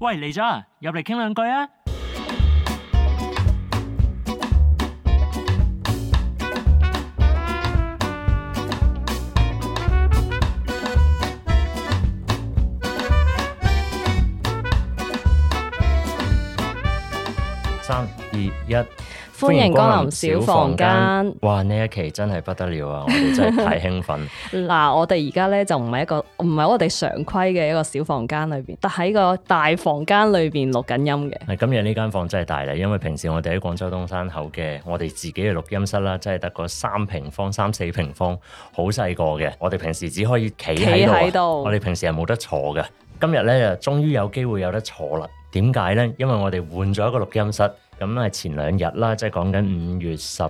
喂，嚟咗，入嚟傾兩句吖。三、二、一。歡迎光臨小房間。哇！呢一期真係不得了啊！ 我哋真係太興奮。嗱， 我哋而家咧就唔係一個，唔係我哋常規嘅一個小房間裏邊，但喺個大房間裏邊錄緊音嘅。係今日呢間房真係大啦，因為平時我哋喺廣州東山口嘅我哋自己嘅錄音室啦，真係得個三平方、三四平方，好細個嘅。我哋平時只可以企喺度，我哋平時係冇得坐嘅。今日咧就終於有機會有得坐啦。點解呢？因為我哋換咗一個錄音室。咁啊，前兩日啦，即係講緊五月十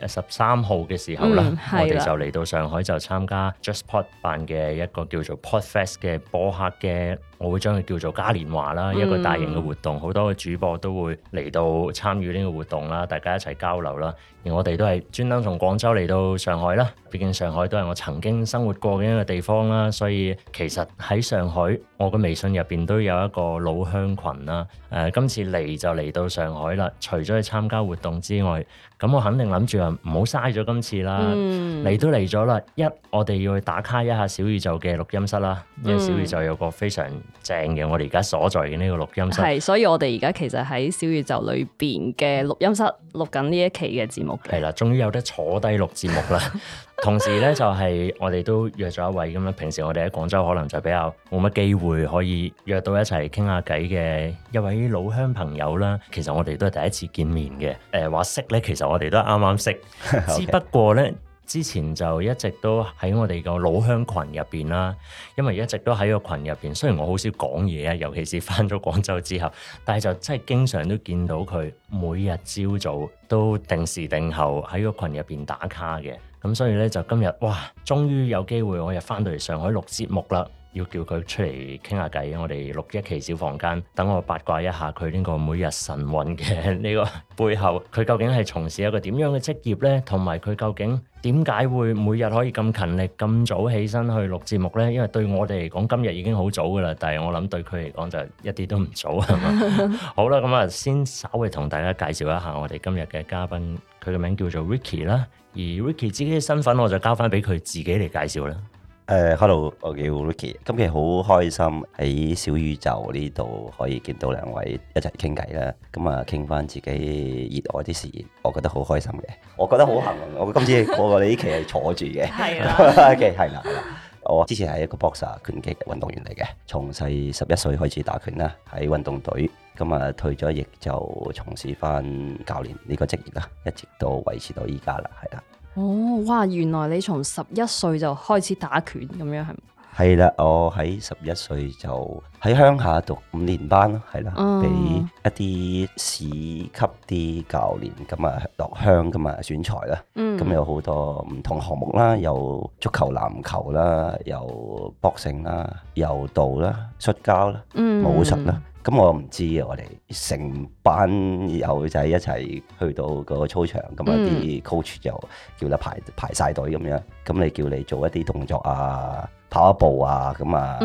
二十三號嘅時候啦，嗯、我哋就嚟到上海就參加 JustPod 辦嘅一個叫做 PodFest 嘅播客嘅，我會將佢叫做嘉年華啦，一個大型嘅活動，好、嗯、多主播都會嚟到參與呢個活動啦，大家一齊交流啦。而我哋都係專登從廣州嚟到上海啦，畢竟上海都係我曾經生活過嘅一個地方啦，所以其實喺上海我嘅微信入面都有一個老鄉群啦。誒、呃，今次嚟就嚟到上海啦，除咗去參加活動之外。咁我肯定諗住啊，唔好嘥咗今次啦，嗯、嚟都嚟咗啦，一我哋要去打卡一下小宇宙嘅錄音室啦，嗯、因為小宇宙有個非常正嘅我哋而家所在嘅呢個錄音室，係，所以我哋而家其實喺小宇宙裏邊嘅錄音室錄緊呢一期嘅節目，係啦，終於有得坐低錄節目啦。 同時呢，就係、是、我哋都約咗一位咁樣，平時我哋喺廣州可能就比較冇乜機會可以約到一齊傾下偈嘅一位老鄉朋友啦。其實我哋都係第一次見面嘅，誒、呃、話識呢，其實我哋都啱啱識， Okay. 只不過呢，之前就一直都喺我哋個老鄉群入邊啦。因為一直都喺個群入邊，雖然我好少講嘢啊，尤其是返咗廣州之後，但係就真係經常都見到佢每日朝早都定時定候喺個群入邊打卡嘅。咁所以咧，就今日哇，終於有機會，我又翻到嚟上海錄，錄節目啦！要叫佢出嚟傾下偈，我哋錄一期小房間，等我八卦一下佢呢個每日晨運嘅呢個背後，佢究竟係從事一個點樣嘅職業呢？同埋佢究竟點解會每日可以咁勤力、咁早起身去錄，錄節目呢？因為對我哋嚟講，今日已經好早噶啦，但係我諗對佢嚟講，就一啲都唔早。嘛。 好啦，咁啊，先稍微同大家介紹一下我哋今日嘅嘉賓。佢嘅名叫做 Ricky 啦，而 Ricky 自己嘅身份，我就交翻俾佢自己嚟介紹啦。誒，uh，Hello，我叫 Ricky，今期好開心喺小宇宙呢度可以見到兩位一齊傾偈啦。咁啊，傾翻自己熱愛啲事，我覺得好開心嘅。我覺得好幸運， 我今次我嚟呢期係坐住嘅，係 啊，嘅係啦。我之前係一個搏擊拳擊運動員嚟嘅，從細十一歲開始打拳啦，喺運動隊，咁啊退咗役就從事翻教練呢個職業啦，一直都維持到依家啦，係啦。哦，哇！原來你從十一歲就開始打拳咁樣，係。係啦，我喺十一歲就喺鄉下讀五年班咯，係啦，俾、哦、一啲市級啲教練咁啊，落鄉咁啊選材啦，咁、嗯、有好多唔同項目啦，有足球、籃球啦，有搏擊啦，柔道啦、摔跤啦、嗯、武術啦，咁我唔知啊，我哋成班友仔一齊去到個操場，咁啊啲、嗯、coach 就叫你排排晒隊咁樣，咁你叫你做一啲動作啊。跑下步啊，咁啊，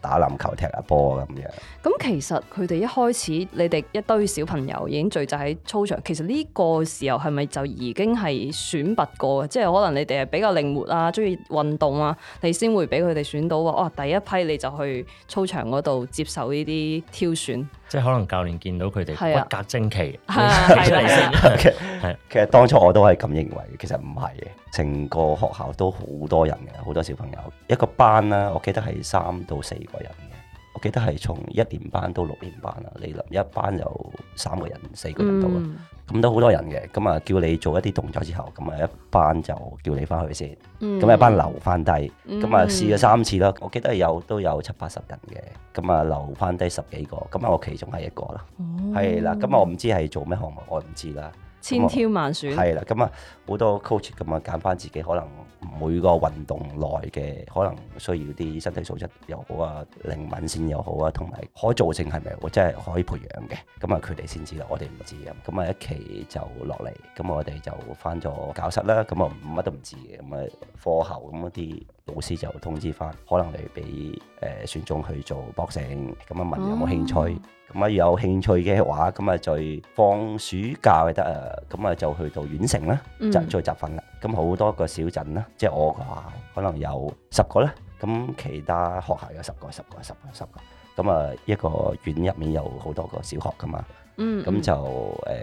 打籃球踢、啊、踢下波咁樣。咁其實佢哋一開始，你哋一堆小朋友已經聚集喺操場，其實呢個時候係咪就已經係選拔過嘅？即係可能你哋係比較靈活啊，中意運動啊，你先會俾佢哋選到話，哇、哦！第一批你就去操場嗰度接受呢啲挑選。即係可能教練見到佢哋骨骼精奇，其實其實當初我都係咁認為，其實唔係嘅。成個學校都好多人嘅，好多小朋友一個班啦，我記得係三到四個人嘅，我記得係從一年班到六年班啦，你諗一班有三個人四個人到啊。嗯咁都好多人嘅，咁啊叫你做一啲動作之後，咁啊一班就叫你翻去先，咁、嗯、一班留翻低，咁啊試咗三次啦。我記得有都有七八十人嘅，咁啊留翻低十幾個，咁啊我其中係一個啦，係啦、哦，咁啊我唔知係做咩項目，我唔知啦，知千挑萬選，係啦，咁啊好多 coach 咁啊揀翻自己可能。每個運動內嘅可能需要啲身體素質又好啊，靈敏性又好啊，同埋可造性係咪我真係可以培養嘅，咁啊佢哋先知道，我哋唔知啊。咁啊一期就落嚟，咁我哋就翻咗教室啦。咁啊乜都唔知嘅，咁啊課後咁啲老師就通知翻，可能你俾誒、呃、選中去做 boxing，咁啊問有冇興趣？嗯咁啊，有興趣嘅話，咁啊就放暑假就得啊，咁啊就去到縣城啦，就再集訓啦。咁好多個小鎮啦，即係我嘅話，可能有十個啦。咁其他學校有十個、十個、十個、十個。咁啊，一個縣入面有好多個小學㗎嘛。咁、嗯、就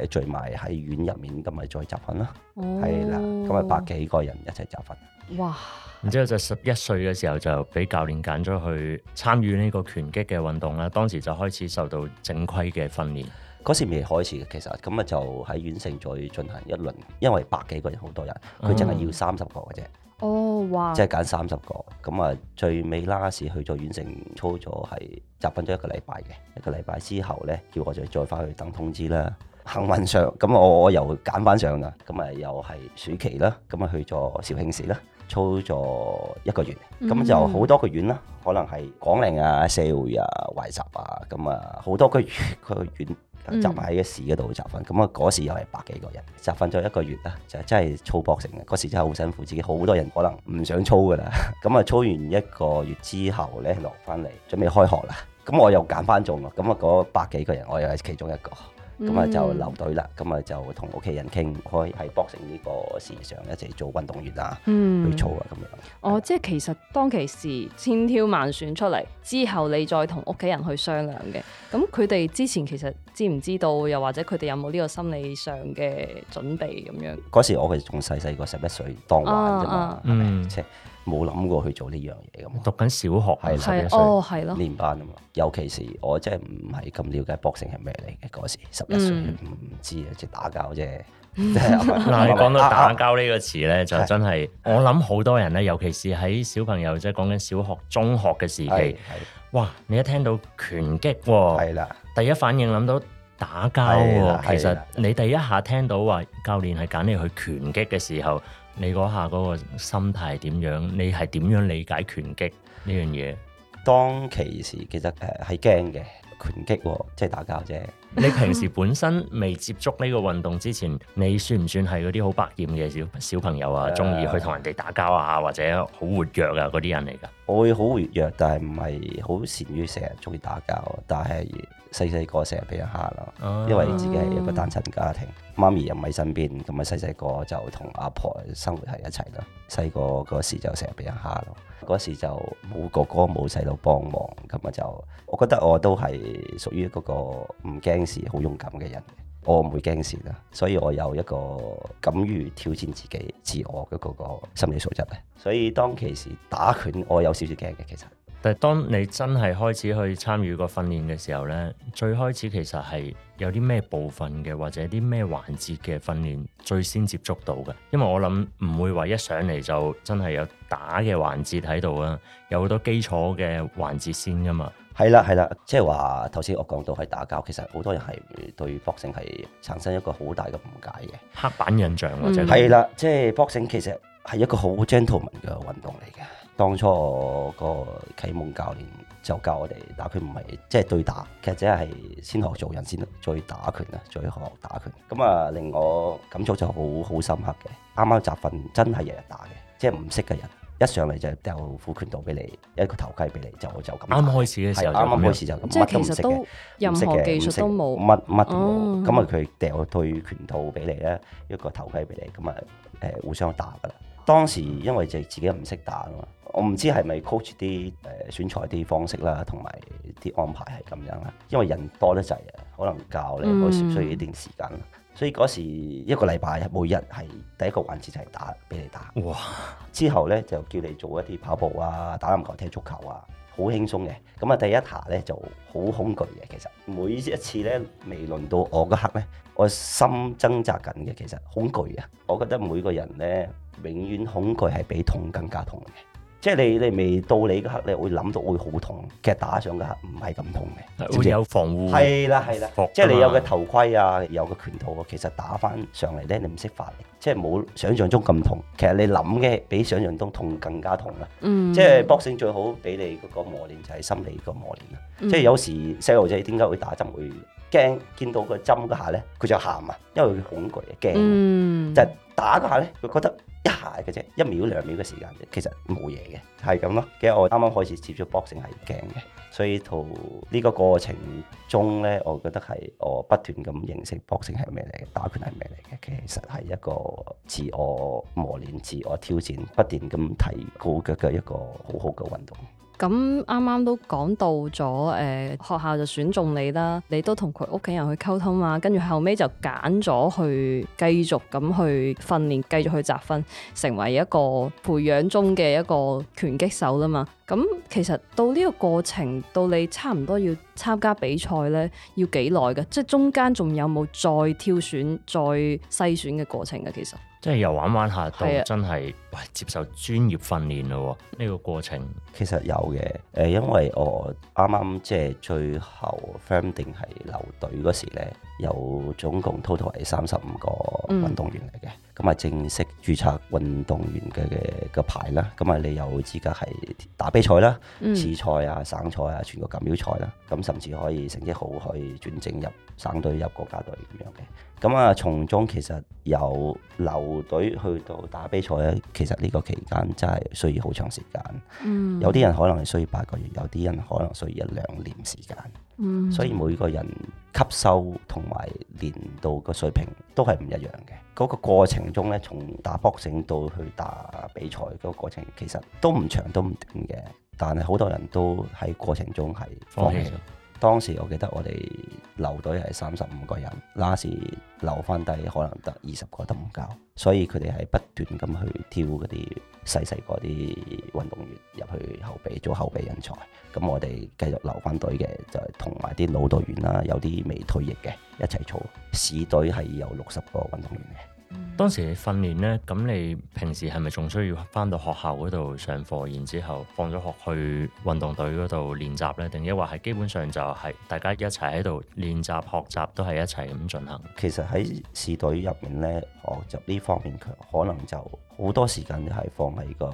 誒聚埋喺院入面，咁咪再集訓啦。係啦、嗯，咁啊百幾個人一齊集訓。哇！然之後就十一歲嘅時候就俾教練揀咗去參與呢個拳擊嘅運動啦。當時就開始受到正規嘅訓練。嗰時未開始嘅，其實咁啊就喺縣城再進行一輪，因為百幾個人好多人，佢淨係要三十個嘅啫。嗯哦，哇！即係揀三十個，咁啊，最尾啦，時去咗縣城，操作係集訓咗一個禮拜嘅，一個禮拜之後呢，叫我就再翻去等通知啦。幸運上，咁我我又揀翻上噶，咁啊又係暑期啦，咁啊去咗肇慶市啦，操作一個月，咁就好多個縣啦，嗯、可能係廣寧啊、四會啊、懷集啊，咁啊好多個個縣。集埋喺、個市嗰度集訓，咁啊嗰時又係百幾個人集訓咗一個月啦，就真係操搏成嘅，嗰、嗰、時真係好辛苦，自己好多人可能唔想操噶啦，咁啊操完一個月之後咧落翻嚟，準備開學啦，咁我又揀翻中咯，咁啊嗰百幾個人我又係其中一個。咁啊、嗯、就留隊啦，咁啊就同屋企人傾，可以喺 Boxing 呢個時尚一齊做運動員啊，嗯、去做啊咁樣。哦,的哦，即係其實當其時千挑萬選出嚟之後，你再同屋企人去商量嘅，咁佢哋之前其實知唔知道，又或者佢哋有冇呢個心理上嘅準備咁樣？嗰時我哋仲細細個十一歲，當玩啫嘛，係咪、嗯？冇諗過去做呢樣嘢咁，讀緊小學係十一歲，哦，係咯，年班啊嘛。尤其是我真係唔係咁了解搏擊係咩嚟嘅嗰時，十一歲唔知啊，只打交啫。嗱，你講到打交呢個詞咧，就真係我諗好多人咧，尤其是喺小朋友即係講緊小學、中學嘅時期，哇！你一聽到拳擊，係啦，第一反應諗到打交。其實你第一下聽到話教練係揀你去拳擊嘅時候。你嗰下嗰個心態點樣？你係點樣理解拳擊呢樣嘢？當其時其實誒係驚嘅拳擊、啊，即係打交啫。 你平時本身未接觸呢個運動之前，你算唔算係嗰啲好百厭嘅小小朋友啊？鍾意去同人哋打交啊，或者好活躍啊嗰啲人嚟㗎？我會好活躍，但係唔係好善於成日鍾意打交啊。但係，細細個成日俾人蝦咯，因為自己係一個單親家庭，媽咪又唔喺身邊，咁啊細細個就同阿婆，婆生活喺一齊啦。細個嗰時就成日俾人蝦咯，嗰時就冇哥哥冇細佬幫忙，咁啊就我覺得我都係屬於嗰個唔驚事、好勇敢嘅人，我唔會驚事啦，所以我有一個敢於挑戰自己、自我嘅嗰個心理素質咧。所以當其時打拳，我有少少驚嘅，其實。但係，當你真係開始去參與個訓練嘅時候咧，最開始其實係有啲咩部分嘅，或者啲咩環節嘅訓練最先接觸到嘅？因為我諗唔會話一上嚟就真係有打嘅環節喺度啊，有好多基礎嘅環節先㗎嘛。係啦，係啦，即係話頭先我講到係打交，其實好多人係對 boxing 係產生一個好大嘅誤解嘅刻板印象或者係啦，即係 boxing 其實係一個好 gentleman 嘅運動嚟嘅。當初我個啟蒙教練就教我哋，但佢唔係即係對打，其實只係先學做人先，再打拳啊，再學打拳。咁啊，令我感觸就好好深刻嘅。啱啱集訓真係日日打嘅，即係唔識嘅人一上嚟就掉副拳套俾你一個頭盔俾你，就就咁。啱開始嘅時候，啱啱開始就即係其實都任何技術都冇，乜乜都冇。咁啊，佢掉對拳套俾你咧，一個頭盔俾你，咁啊誒互相打㗎啦。嗯、當時因為就自己唔識打啊嘛。我唔知係咪 coach 啲誒選材啲方式啦，同埋啲安排係咁樣啦。因為人多得滯啊，可能教你好需要一段時間啦。嗯、所以嗰時一個禮拜，每日係第一個環節就係打俾你打哇。之後咧就叫你做一啲跑步啊、打籃球、踢足球啊，好輕鬆嘅。咁啊，第一下咧就好恐懼嘅。其實每一次咧未輪到我嗰刻咧，我心掙扎緊嘅。其實恐懼啊，我覺得每個人咧永遠恐懼係比痛更加痛嘅。即係你你未到你嗰刻，你會諗到會好痛。其實打上嘅嗰刻唔係咁痛嘅，好似有防護。係啦係啦，防污 即係你有個頭盔啊，啊有個拳套啊。其實打翻上嚟咧，你唔識發力，即係冇想象中咁痛。其實你諗嘅比想象中痛更加痛啦。嗯、即係 boxing 最好俾你嗰個磨練就係心理個磨練啦。嗯、即係有時細路仔點解會打針會驚見到個針嗰下咧，佢就喊啊，因為佢恐懼驚。就、嗯、打嗰下咧，佢覺得。一下嘅啫，一秒兩秒嘅時間其實冇嘢嘅，係咁咯。其實我啱啱開始接觸搏擊係驚嘅，所以套呢個過程中咧，我覺得係我不斷咁認識搏擊係咩嚟嘅，打拳係咩嚟嘅。其實係一個自我磨練、自我挑戰、不斷咁提高嘅嘅一個好好嘅運動。咁啱啱都講到咗，誒、呃、學校就選中你啦，你都同佢屋企人去溝通啊，跟住後尾就揀咗去繼續咁去訓練，繼續去集訓，成為一個培養中嘅一個拳擊手啦嘛。咁其實到呢個過程，到你差唔多要參加比賽咧，要幾耐嘅？即係中間仲有冇再挑選、再篩選嘅過程嘅？其實？即係又玩玩下，到真係喂接受專業訓練咯。呢的個過程其實有嘅，誒、呃，因為我啱啱即係最後 funding 係留隊嗰時咧，有總共 total 係三十五個運動員嚟嘅。嗯咁啊，正式註冊運動員嘅嘅嘅牌啦，咁啊，你有資格係打比賽啦、市、嗯、賽啊、省賽啊、全國錦標賽啦、啊，咁甚至可以成績好，可以轉正入省隊、入國家隊咁樣嘅。咁啊，從中其實由留隊去到打比賽咧，其實呢個期間真係需要好長時間。嗯，有啲人可能係需要八個月，有啲人可能需要一兩年時間。嗯、所以每個人吸收同埋年度練到嘅水平都係唔一樣嘅。嗰個過程中咧，從打 boxing 到去打比賽嗰，那個過程其實都唔長都唔短嘅。但係好多人都喺過程中係放棄。當時我記得我哋留隊係三十五個人，那時留翻低可能得二十個都唔夠，所以佢哋係不斷咁去挑嗰啲細細個啲運動員入去後備做後備人才。咁我哋繼續留翻隊嘅就係同埋啲老隊員啦，有啲未退役嘅一齊做，市隊係有六十個運動員嘅。當時你訓練呢，咁你平時係咪仲需要翻到學校嗰度上課，然之後放咗學去運動隊嗰度練習呢？定抑或係基本上就係大家一齊喺度練習學習都係一齊咁進行？其實喺市隊入面呢，學習呢方面佢可能就好多時間係放喺個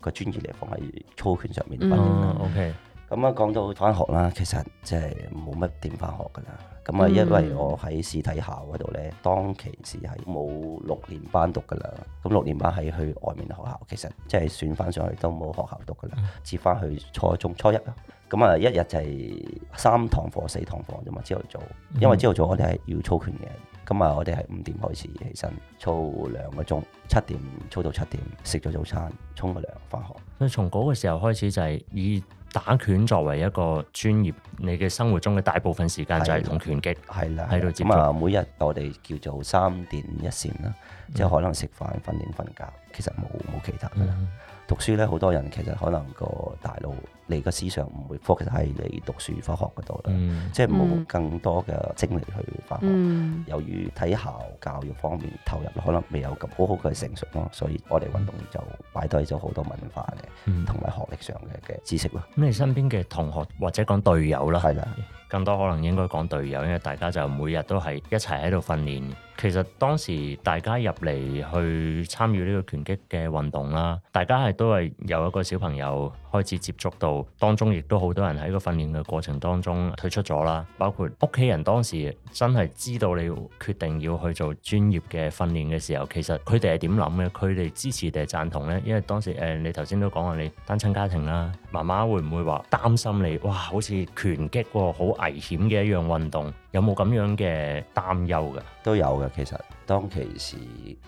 個專業嚟放喺操拳上面。嗯，OK 嗯。咁啊，講到翻學啦，其實即係冇乜點翻學噶啦。咁啊，嗯、因為我喺市體校嗰度咧，當其時係冇六年班讀噶啦。咁六年班係去外面學校，其實即係選翻上去都冇學校讀噶啦，嗯、接翻去初中初一咯。咁啊，一日就係三堂課、四堂課啫嘛。朝頭早，因為朝頭早我哋係要操拳嘅。咁啊、嗯，我哋係五點開始起身，操兩個鐘，七點操到七點，食咗早餐，沖個涼，翻學。所以從嗰個時候開始就係以。打拳作為一個專業，你嘅生活中嘅大部分時間就係同拳擊喺度接觸。咁啊，每日我哋叫做三點一線啦，嗯、即係可能食飯、訓練、瞓覺，其實冇冇其他噶啦。嗯、讀書咧，好多人其實可能個大腦。你嘅思想唔會 focus 喺你讀書、科學嗰度啦，嗯、即係冇更多嘅精力去發學。嗯、由於體校教育方面投入可能未有咁好好嘅成熟咯，所以我哋運動員就擺低咗好多文化嘅同埋學歷上嘅嘅知識咯。咁你身邊嘅同學或者講隊友啦，係啦的，更多可能應該講隊友，因為大家就每日都係一齊喺度訓練。其實當時大家入嚟去參與呢個拳擊嘅運動啦，大家係都係有一個小朋友開始接觸到。當中亦都好多人喺個訓練嘅過程當中退出咗啦，包括屋企人當時真係知道你決定要去做專業嘅訓練嘅時候，其實佢哋係點諗嘅？佢哋支持定係贊同呢？因為當時，呃，你頭先都講話你單親家庭啦、啊。媽媽會唔會話擔心你？哇，好似拳擊喎，好危險嘅一樣運動，有冇咁樣嘅擔憂嘅？都有嘅，其實當其時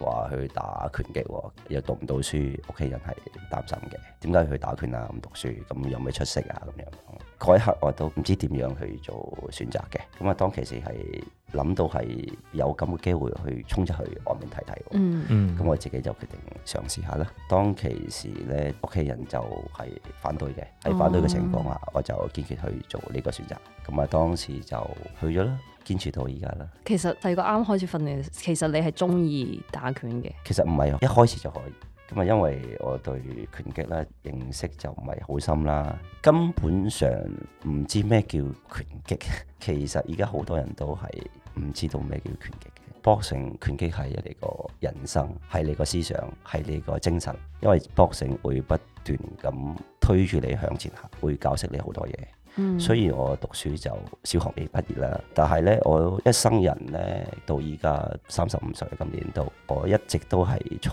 話去打拳擊又讀唔到書，屋企人係擔心嘅。點解去打拳啊？咁讀書咁有咩出息啊？咁樣嗰一刻我都唔知點樣去做選擇嘅。咁啊，當其時係。諗到係有咁嘅機會去衝出去外面睇睇，咁、嗯、我自己就決定嘗試下啦。當其時咧，屋企人就係反對嘅，喺、嗯、反對嘅情況下，我就堅決去做呢個選擇。咁啊，當時就去咗啦，堅持到而家啦。其實細個啱開始訓練，其實你係中意打拳嘅。其實唔係，一開始就可以咁啊，因為我對拳擊咧認識就唔係好深啦，根本上唔知咩叫拳擊。其實而家好多人都係～唔知道咩叫拳擊嘅，Boxing 拳擊係你個人生，係你個思想，係你個精神，因為 Boxing 會不斷咁推住你向前行，會教識你好多嘢。嗯、雖然我讀書就小學未畢業啦，但係呢，我一生人呢，到依家三十五歲今年到，我一直都係從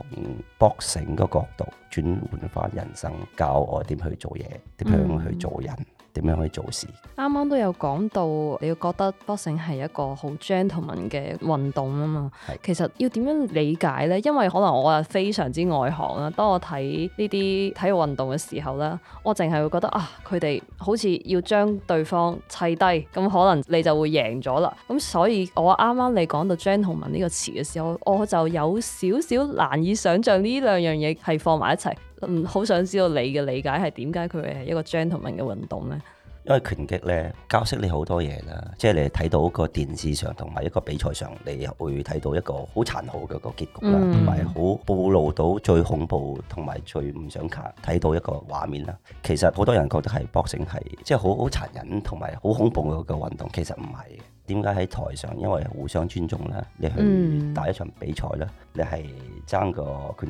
Boxing 個角度轉換翻人生，教我點去做嘢，點樣去做人。嗯點樣可以做事？啱啱都有講到，你會覺得 boxing 係一個好 gentleman 嘅運動啊嘛。的其實要點樣理解呢？因為可能我係非常之外行啦。當我睇呢啲體育運動嘅時候咧，我淨係會覺得啊，佢哋好似要將對方砌低，咁可能你就會贏咗啦。咁所以我啱啱你講到 gentleman 呢個詞嘅時候，我就有少少難以想像呢兩樣嘢係放埋一齊。嗯，好想知道你嘅理解係點解佢係一個 gentleman 嘅運動呢？因為拳擊呢，教識你好多嘢啦，即係你睇到個電視上同埋一個比賽上，你會睇到一個好殘酷嘅個結局啦，同埋好暴露到最恐怖同埋最唔想睇到一個畫面啦。其實好多人覺得係 boxing 係，即係好好殘忍同埋好恐怖嘅一個運動，其實唔係嘅。點解喺台上？因為互相尊重啦，你去打一場比賽啦。嗯你係爭個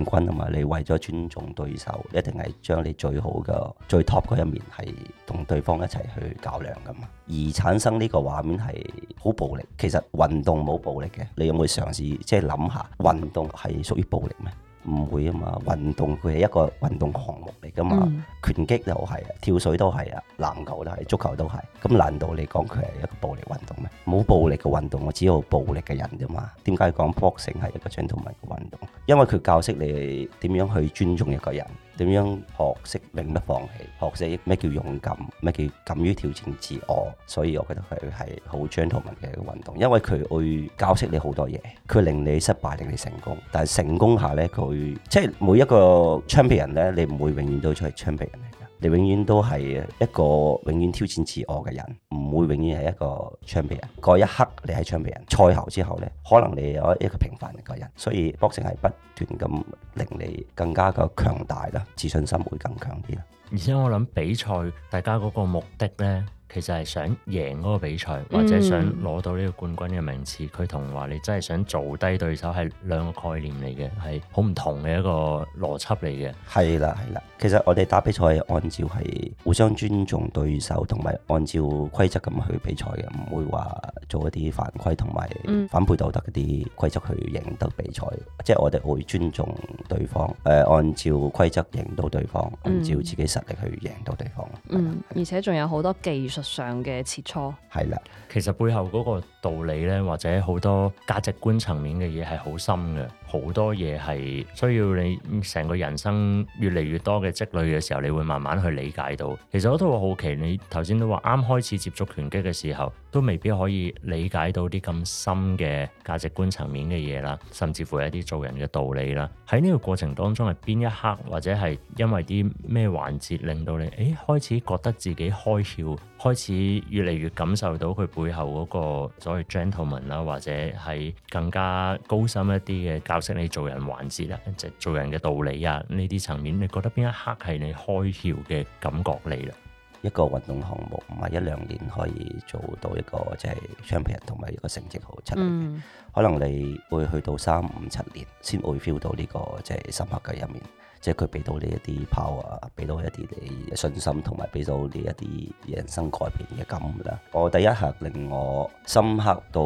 冠軍啊嘛！你為咗尊重對手，一定係將你最好嘅、最 top 嗰一面係同對方一齊去較量㗎嘛，而產生呢個畫面係好暴力。其實運動冇暴力嘅，你有冇嘗試，即係諗下，運動係屬於暴力咩？唔會啊嘛，運動佢係一個運動項目嚟噶嘛，嗯、拳擊就係，跳水都係啊，籃球都係，足球都係。咁難道你講，佢係一個暴力運動咩？冇暴力嘅運動，我只有暴力嘅人啫嘛。點解講 boxing 係一個 gentleman 嘅運動？因為佢教識你點樣去尊重一個人。點樣學識永不放棄？學識咩叫勇敢？咩叫敢於挑戰自我？所以我覺得佢係好 gentleman 嘅一個運動，因為佢會教識你好多嘢，佢令你失敗，令你成功。但係成功下呢，佢即係每一個 champion 呢，你唔會永遠都係 champion。你永遠都係一個永遠挑戰自我嘅人，唔會永遠係一個槍鼻人。嗰一刻你係槍鼻人，賽後之後呢，可能你有一個平凡嘅人。所以搏擊係不斷咁令你更加嘅強大啦，自信心會更強啲啦。而且我諗比賽大家嗰個目的呢。其實係想贏嗰個比賽，或者想攞到呢個冠軍嘅名次，佢同話你真係想做低對手係兩個概念嚟嘅，係好唔同嘅一個邏輯嚟嘅。係啦係啦，其實我哋打比賽按照係互相尊重對手，同埋按照規則咁去比賽嘅，唔會話做一啲犯規同埋反背道德嗰啲規則去贏得比賽。嗯、即係我哋會尊重對方，誒、呃，按照規則贏到對方，按照自己實力去贏到對方。嗯，而且仲有好多技術。上嘅切磋係啦。其實背後嗰個道理咧，或者好多價值觀層面嘅嘢係好深嘅，好多嘢係需要你成個人生越嚟越多嘅積累嘅時候，你會慢慢去理解到。其實我都好奇，你頭先都話啱開始接觸拳擊嘅時候，都未必可以理解到啲咁深嘅價值觀層面嘅嘢啦，甚至乎一啲做人嘅道理啦。喺呢個過程當中，係邊一刻或者係因為啲咩環節令到你，誒開始覺得自己開竅，開始越嚟越感受到佢。背後嗰個所謂 gentleman 啦，或者係更加高深一啲嘅教識你做人環節啦，即係做人嘅道理啊，呢啲層面你覺得邊一刻係你開竅嘅感覺嚟啦。一個運動項目唔係一兩年可以做到一個即係 champion 同埋一個成績好出嚟，嗯、可能你會去到三五七年先會 feel 到呢個即係深刻嘅一面。即係佢俾到你一啲 power，俾到一啲你信心，同埋俾到你一啲人生改變嘅感量。我第一下令我深刻到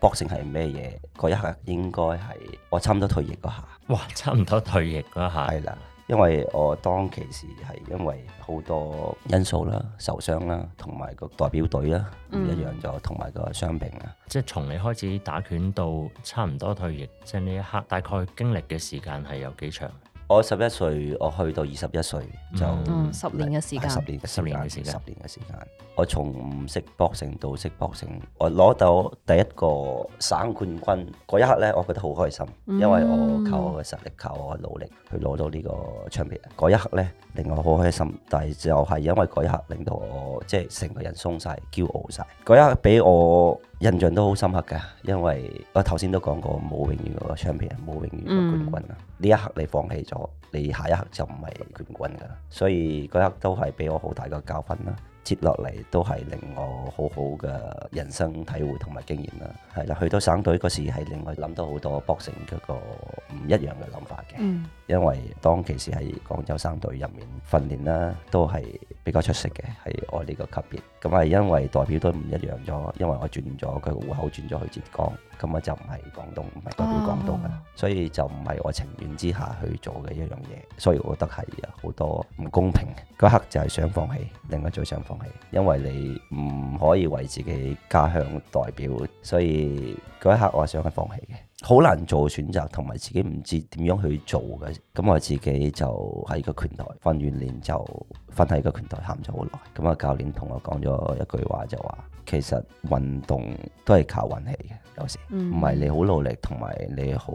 boxing 係咩嘢，嗰一刻應該係我差唔多退役嗰下。哇！差唔多退役嗰下，係啦 ，因為我當其時係因為好多因素啦、受傷啦，同埋個代表隊啦，唔、嗯、一樣就同埋個傷病啊。即係從你開始打拳到差唔多退役，即係呢一刻大概經歷嘅時間係有幾長？我十一歲，我去到二十一歲就、嗯、十年嘅時間，啊、十年嘅時間，十年嘅時間。時間我從唔識博成到識博成，我攞到第一個省冠軍嗰一刻呢，我覺得好開心，因為我靠我嘅實力，靠我嘅努力去攞到呢個獎盃。嗰一刻呢，令我好開心，但係就係因為嗰一刻令到我即係成個人鬆晒、驕傲晒。嗰一刻俾我印象都好深刻嘅，因為我頭先都講過，冇永遠個 champion，冇永遠個冠軍啊。呢、嗯、一刻你放棄咗，你下一刻就唔係冠軍噶。所以嗰一刻都係俾我好大個教訓啦。接落嚟都係令我好好嘅人生體會同埋經驗啦，係啦，去到省隊嗰時係令我諗到好多 boxing 嗰個唔一樣嘅諗法嘅，嗯、因為當其時喺廣州省隊入面訓練啦，都係比較出色嘅，係我呢個級別，咁係因為代表都唔一樣咗，因為我轉咗佢個戶口轉咗去浙江。咁我就唔係廣東，唔係代表廣東嘅，所以就唔係我情願之下去做嘅一樣嘢。所以我覺得係好多唔公平嘅。嗰一刻就係想放棄，另外再想放棄，因為你唔可以為自己家鄉代表，所以嗰一刻我係想去放棄嘅。好難做選擇，同埋自己唔知點樣去做嘅。咁我自己就喺個拳台訓完練就瞓喺個拳台喊咗好耐。咁啊，那個、教練同我講咗一句話就話。其實運動都係靠運氣嘅，有時唔係、嗯、你好努力同埋你好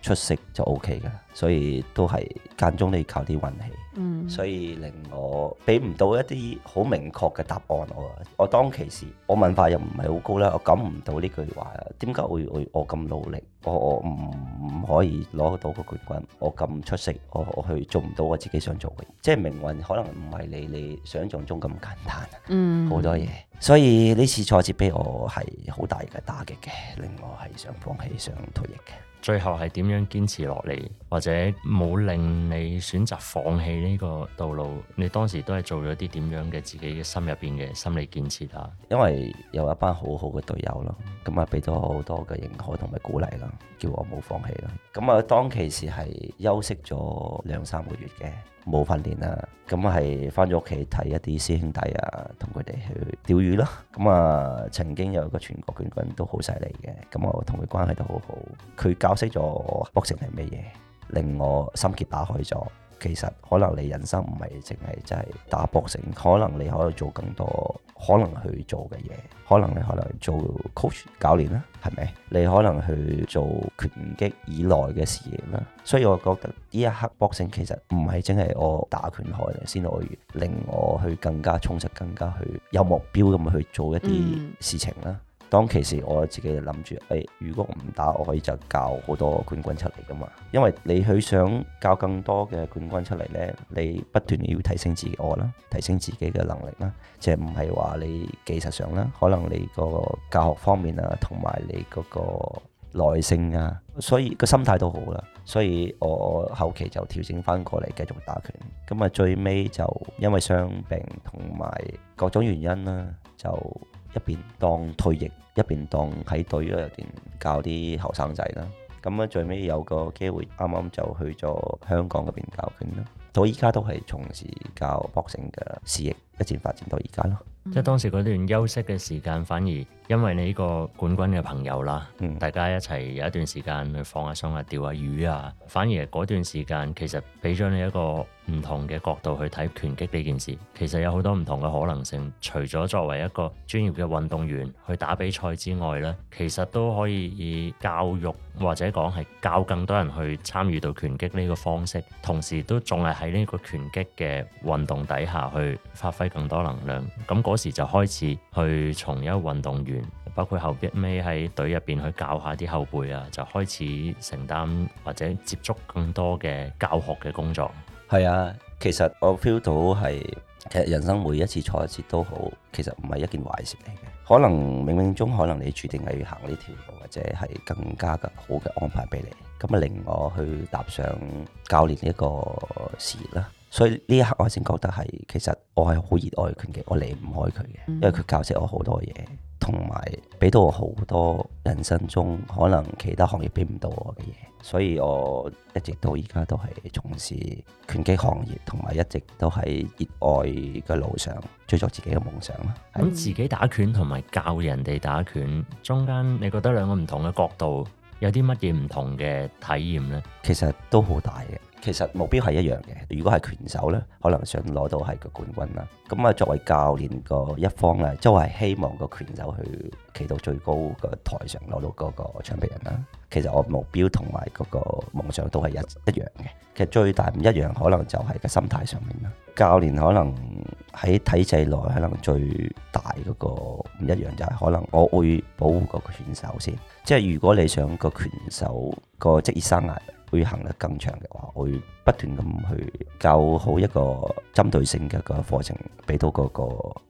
出色就 OK 嘅。所以都係間中你靠啲運氣，嗯、所以令我俾唔到一啲好明確嘅答案我。我當其時，我文化又唔係好高啦，我感唔到呢句話。點解會會我咁努力，我我唔可以攞到個冠軍？我咁出色，我我去做唔到我自己想做嘅。即係命運可能唔係你你想像中咁簡單啊。好、嗯、多嘢，所以呢次挫折俾我係好大嘅打擊嘅，令我係想放棄、想退役嘅。最後係點樣堅持落嚟，或者冇令你選擇放棄呢個道路？你當時都係做咗啲點樣嘅自己嘅心入邊嘅心理建設啊？因為有一班好好嘅隊友咯，咁啊俾咗好多嘅認可同埋鼓勵啦，叫我冇放棄啦。咁啊當其時係休息咗兩三個月嘅。冇訓練啊，咁啊係翻咗屋企睇一啲師兄弟啊，同佢哋去釣魚咯。咁啊，曾經有一個全國冠軍都好犀利嘅，咁我同佢關係都好好。佢教識咗 boxing 係咩嘢，令我心結打開咗。其實可能你人生唔係淨係即係打 boxing，可能你可以做更多可能去做嘅嘢，可能你可能做 coach 教練啦，係咪？你可能去做拳擊以外嘅事業啦。所以我覺得呢一刻 boxing 其實唔係淨係我打拳開嚟先，我會令我去更加充實，更加去有目標咁去做一啲事情啦。嗯。當其時，我自己諗住誒，如果唔打，我可以就教好多冠軍出嚟噶嘛。因為你去想教更多嘅冠軍出嚟呢，你不斷要提升自我啦，提升自己嘅能力啦，就唔係話你技術上啦，可能你個教學方面啊，同埋你嗰個耐性啊，所以個心態都好啦。所以我後期就調整翻過嚟繼續打拳，咁啊最尾就因為傷病同埋各種原因啦、啊，就。一邊當退役，一邊當喺隊嗰入邊教啲後生仔啦。咁啊最尾有個機會，啱啱就去咗香港嗰邊教拳啦。到依家都係從事教 boxing 嘅事業，一直發展到而家咯。嗯、即係當時嗰段休息嘅時間，反而～因為你呢個冠軍嘅朋友啦，嗯、大家一齊有一段時間去放下鬆啊、釣下魚啊，反而嗰段時間其實俾咗你一個唔同嘅角度去睇拳擊呢件事。其實有好多唔同嘅可能性，除咗作為一個專業嘅運動員去打比賽之外呢，其實都可以以教育或者講係教更多人去參與到拳擊呢個方式，同時都仲係喺呢個拳擊嘅運動底下去發揮更多能量。咁嗰時就開始去從一個運動員。包括後尾喺隊入邊去教下啲後輩啊，就開始承擔或者接觸更多嘅教學嘅工作。係啊，其實我 feel 到係其實人生每一次挫折都好，其實唔係一件壞事嚟嘅。可能冥冥中可能你注定係要行呢條路，或者係更加嘅好嘅安排俾你。咁啊令我去踏上教練呢一個事業啦。所以呢一刻我先覺得係其實我係好熱愛拳擊，我離唔開佢嘅，因為佢教識我好多嘢。同埋俾到我好多人生中可能其他行業俾唔到我嘅嘢，所以我一直到而家都係從事拳擊行業，同埋一直都喺熱愛嘅路上追逐自己嘅夢想啦。咁自己打拳同埋教人哋打拳中間，你覺得兩個唔同嘅角度，有啲乜嘢唔同嘅體驗呢？其實都好大嘅。其實目標係一樣嘅。如果係拳手呢，可能想攞到係個冠軍啦。咁啊，作為教練個一方啊，即係希望個拳手去企到最高個台上攞到嗰個 champions 啦。其實我目標同埋嗰個夢想都係一一樣嘅，其實最大唔一樣可能就係個心態上面啦。教練可能喺體制內，可能最大嗰個唔一樣就係可能我會保護個選手先，即係如果你想個拳手個職業生涯會行得更長嘅話，會不斷咁去教好一個針對性嘅個課程，俾到嗰個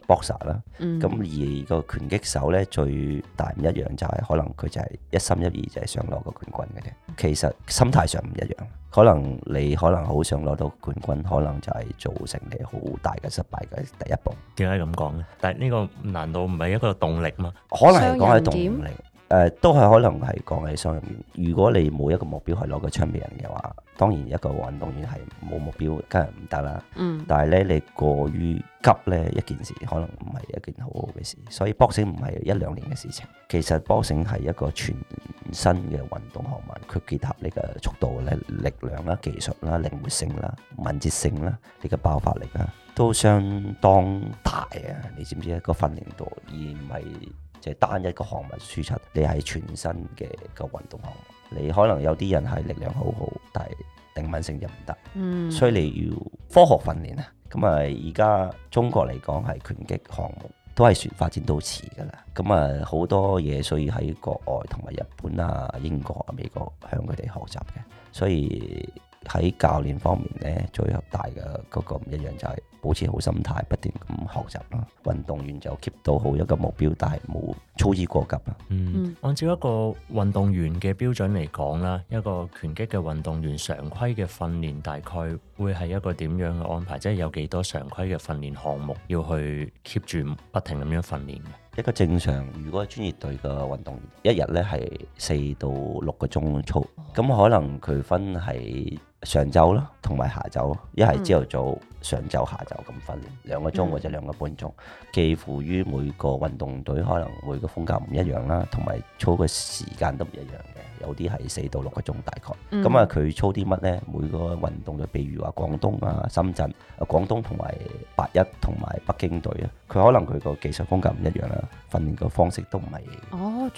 boxer 啦。咁、嗯、而個拳擊手呢，最大唔一樣就係可能佢就係一心一意就係想攞個冠軍嘅啫。其實心態上唔一樣，可能你可能好想攞到冠軍，可能就係造成你好大嘅失敗嘅第一步。點解咁講呢？但係呢個難道唔係一個動力嘛？可能係講係動力。誒、呃、都係可能係講起雙人。如果你冇一個目標係攞個槍俾人嘅話，當然一個運動員係冇目標梗係唔得啦。嗯，但係咧你過於急咧一件事，可能唔係一件好好嘅事。所以 boxing 唔係一兩年嘅事情。其實 boxing 係一個全新嘅運動項目，佢結合呢個速度咧、力量啦、技術啦、靈活性啦、敏捷性啦、呢、呢個爆發力啊，都相當大啊！你知唔知一個訓練度而唔係？就係單一個項目輸出，你係全身嘅個運動項目，你可能有啲人係力量好好，但係靈敏性又唔得，嗯，所以你要科學訓練啊。咁、嗯、啊，而家中國嚟講係拳擊項目都係算發展到遲㗎喇。咁、嗯、啊，好、嗯、多嘢需要喺國外同埋日本啊、英國、啊、美國、啊、向佢哋學習嘅，所以喺教練方面咧，最大嘅嗰個唔一樣就係、是。保持好，好心態，不斷咁學習啦。運動員就 keep 到好一個目標，但係冇操之過急啦。嗯，按照一個運動員嘅標準嚟講啦，一個拳擊嘅運動員常規嘅訓練大概會係一個點樣嘅安排？即係有幾多常規嘅訓練項目要去 keep 住不停咁樣訓練嘅？一個正常，如果專業隊嘅運動員，一日咧係四到六個鐘操，咁、哦、可能佢分係。上晝咯，同埋下晝，一係朝頭早上晝、嗯、上晝下晝咁訓練兩個鐘或者兩個半鐘，幾、嗯、乎於每個運動隊可能每個風格唔一樣啦，同埋操嘅時間都唔一樣嘅。有啲係四到六個鐘大概，咁啊佢操啲乜呢？每個運動就，比如話廣東啊、深圳、廣東同埋八一同埋北京隊啊，佢可能佢個技術風格唔一樣啦，訓練嘅方式都唔係哦，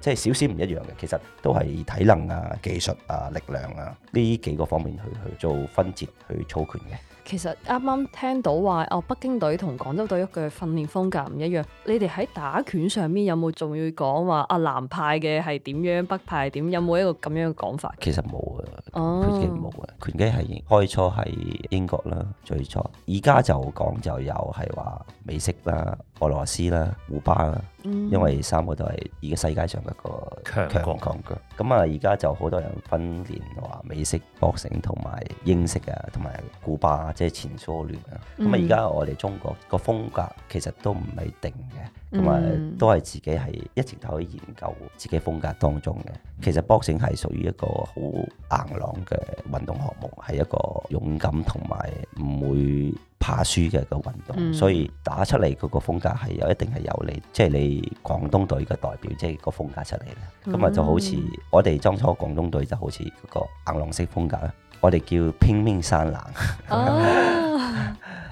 即係少少唔一樣嘅，其實都係體能啊、技術啊、力量啊呢幾個方面去去做分節去操拳嘅。其實啱啱聽到話哦，北京隊同廣州隊嘅訓練風格唔一樣，你哋喺打拳上面有冇仲要講話啊南派嘅係點樣，北派係點？有冇一個咁樣嘅講法？其實冇啊，佢哋冇啊，拳擊係開初係英國啦，最初，而家就講就有係話美式啦、俄羅斯啦、古巴啦。因為三個都係而家世界上嘅一個強強嘅，咁啊而家就好多人訓練話美式搏繩同埋英式啊，同埋古巴即係前蘇聯啊，咁啊而家我哋中國個風格其實都唔係定嘅。同埋、嗯、都係自己係一直都喺度研究自己風格當中嘅。其實 boxing 係屬於一個好硬朗嘅運動項目，係一個勇敢同埋唔會怕輸嘅一個運動。嗯、所以打出嚟嗰個風格係有一定係有利，即係你廣東隊嘅代表，即係個風格出嚟啦。咁啊就好似、嗯、我哋當初廣東隊就好似嗰個硬朗式風格啦。我哋叫拼命生冷，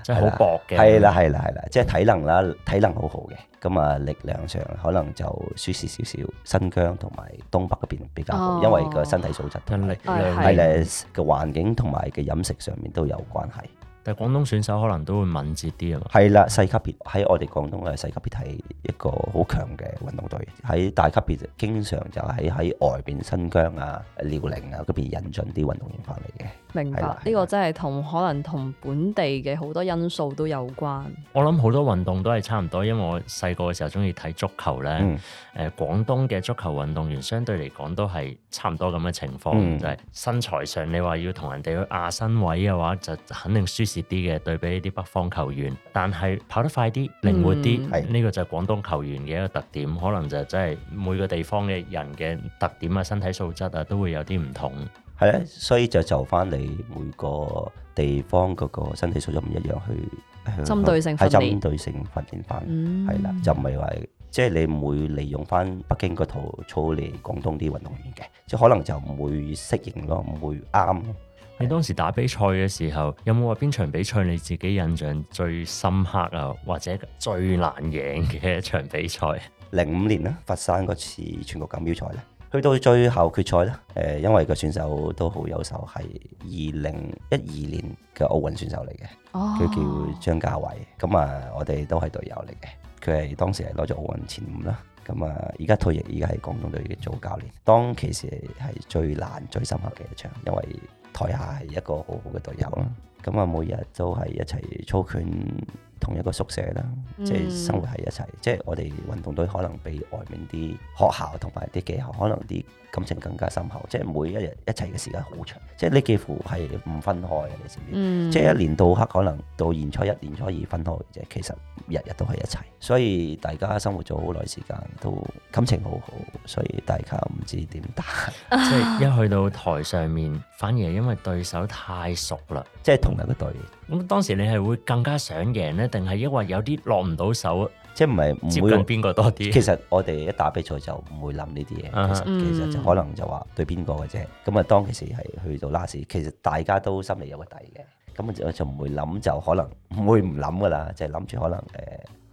真係好薄嘅，係啦，係啦，係啦，即係、就是、體能啦，體能好好嘅，咁啊力量上可能就輸蝕少少。新疆同埋東北嗰邊比較好，哦、因為個身體素質同埋咧嘅環境同埋嘅飲食上面都有關係。但廣東選手可能都會敏捷啲啊嘛，係啦，細級別喺我哋廣東嘅細級別係一個好強嘅運動隊。喺大級別經常就喺喺外邊新疆啊、遼寧啊嗰邊引進啲運動員翻嚟嘅。明白，呢個真係同可能同本地嘅好多因素都有關。我諗好多運動都係差唔多，因為我細個嘅時候中意睇足球咧。嗯誒、呃、廣東嘅足球運動員相對嚟講都係差唔多咁嘅情況，嗯、就係身材上你話要同人哋去壓身位嘅話，就肯定輸蝕啲嘅對比呢啲北方球員。但係跑得快啲、靈活啲，呢、嗯、個就係廣東球員嘅一個特點。可能就真係每個地方嘅人嘅特點啊、身體素質啊，都會有啲唔同。係啊，所以就就翻你每個地方嗰個身體素質唔一樣去針對性係針對性訓練翻，係啦、嗯，就唔係話。即係你唔會利用翻北京嗰套操練廣東啲運動員嘅，即可能就唔會適應咯，唔會啱。你當時打比賽嘅時候，有冇話邊場比賽你自己印象最深刻啊，或者最難贏嘅一場比賽？零五 年啦，佛山嗰次全國錦標賽咧，去到最後決賽咧，誒，因為個選手都好優秀，係二零一二年嘅奧運選手嚟嘅，佢、oh. 叫張嘉偉，咁啊，我哋都係隊友嚟嘅。佢係當時係攞咗奧運前五啦，咁啊，而家退役，而家係廣東隊嘅做教練。當其時係最難、最深刻嘅一場，因為台下係一個好好嘅隊友啦，咁啊，每日都係一齊操拳，同一個宿舍啦，即係生活喺一齊。即係、嗯、我哋運動隊可能比外面啲學校同埋啲技校可能啲。感情更加深厚，即係每一日一齊嘅時間好長，即係你幾乎係唔分開嘅，你知唔知？嗯、即係一年到黑，可能到年初一、年初二分開嘅啫。其實日日都係一齊，所以大家生活咗好耐時間，都感情好好。所以大家唔知點打， 即係一去到台上面，反而因為對手太熟啦，即係同一個隊。咁當時你係會更加想贏呢？定係因為有啲落唔到手？即係唔係唔會諗邊個多啲？其實我哋一打比賽就唔會諗呢啲嘢，其實、uh huh. 其實就可能就話對邊個嘅啫。咁啊，當其時係去到 last，其實大家都心裏有個底嘅。咁我就唔會諗，就可能唔會唔諗噶啦，就係諗住可能誒。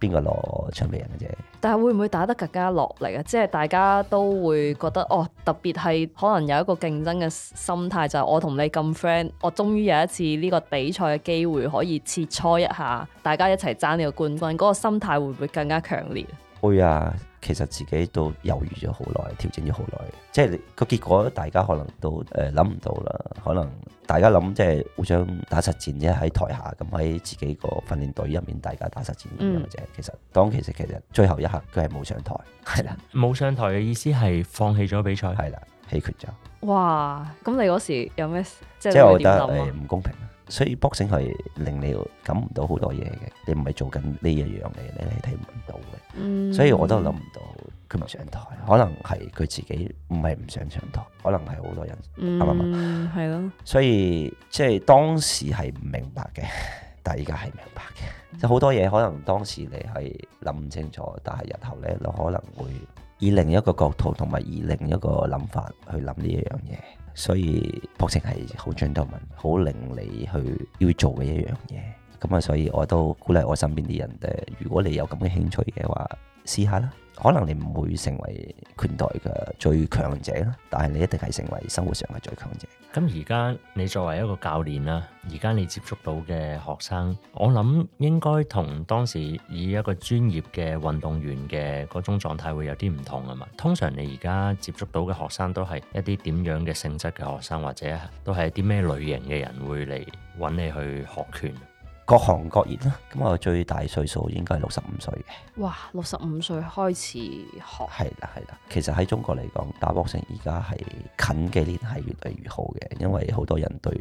邊個攞出名嘅啫？但係會唔會打得更加落力啊？即係大家都會覺得哦，特別係可能有一個競爭嘅心態，就係、是、我同你咁 friend，我終於有一次呢個比賽嘅機會可以切磋一下，大家一齊爭呢個冠軍，嗰、那個心態會唔會更加強烈？會啊、哎，其實自己都猶豫咗好耐，調整咗好耐，即係個結果，大家可能都誒諗唔到啦。可能大家諗即係互相打實戰啫，喺台下咁喺自己個訓練隊入面大家打實戰咁嘅啫。其實、嗯、當其實其實最後一刻佢係冇上台，係啦，冇上台嘅意思係放棄咗比賽，係啦棄權咗。哇！咁你嗰時有咩即係點諗啊？呃、唔公平啊！所以 boxing 係令你感唔到好多嘢嘅，你唔係做緊呢一樣嘢，你係睇唔到嘅。嗯、所以我都諗唔到佢唔上台，可能係佢自己唔係唔想上台，可能係好多人。啱唔啱？係咯。所以即係、就是、當時係唔明白嘅，但係而家係明白嘅。即好、嗯、多嘢可能當時你係諗唔清楚，但係日後咧你可能會以另一個角度同埋以另一個諗法去諗呢一樣嘢。所以搏情係好 gentleman，好令你去要做嘅一樣嘢。咁啊，所以我都鼓勵我身邊啲人，如果你有咁嘅興趣嘅話，試下啦。可能你唔會成為拳台嘅最強者啦，但係你一定係成為生活上嘅最強者。咁而家你作為一個教練啦，而家你接觸到嘅學生，我諗應該同當時以一個專業嘅運動員嘅嗰種狀態會有啲唔同吖嘛。通常你而家接觸到嘅學生都係一啲點樣嘅性質嘅學生，或者都係一啲咩類型嘅人會嚟揾你去學拳？各行各業啦，咁我最大歲數應該係六十五歲嘅。哇，六十五歲開始學？係啦，係啦，其實喺中國嚟講，打 boxing 而家係近幾年係越嚟越好嘅，因為好多人對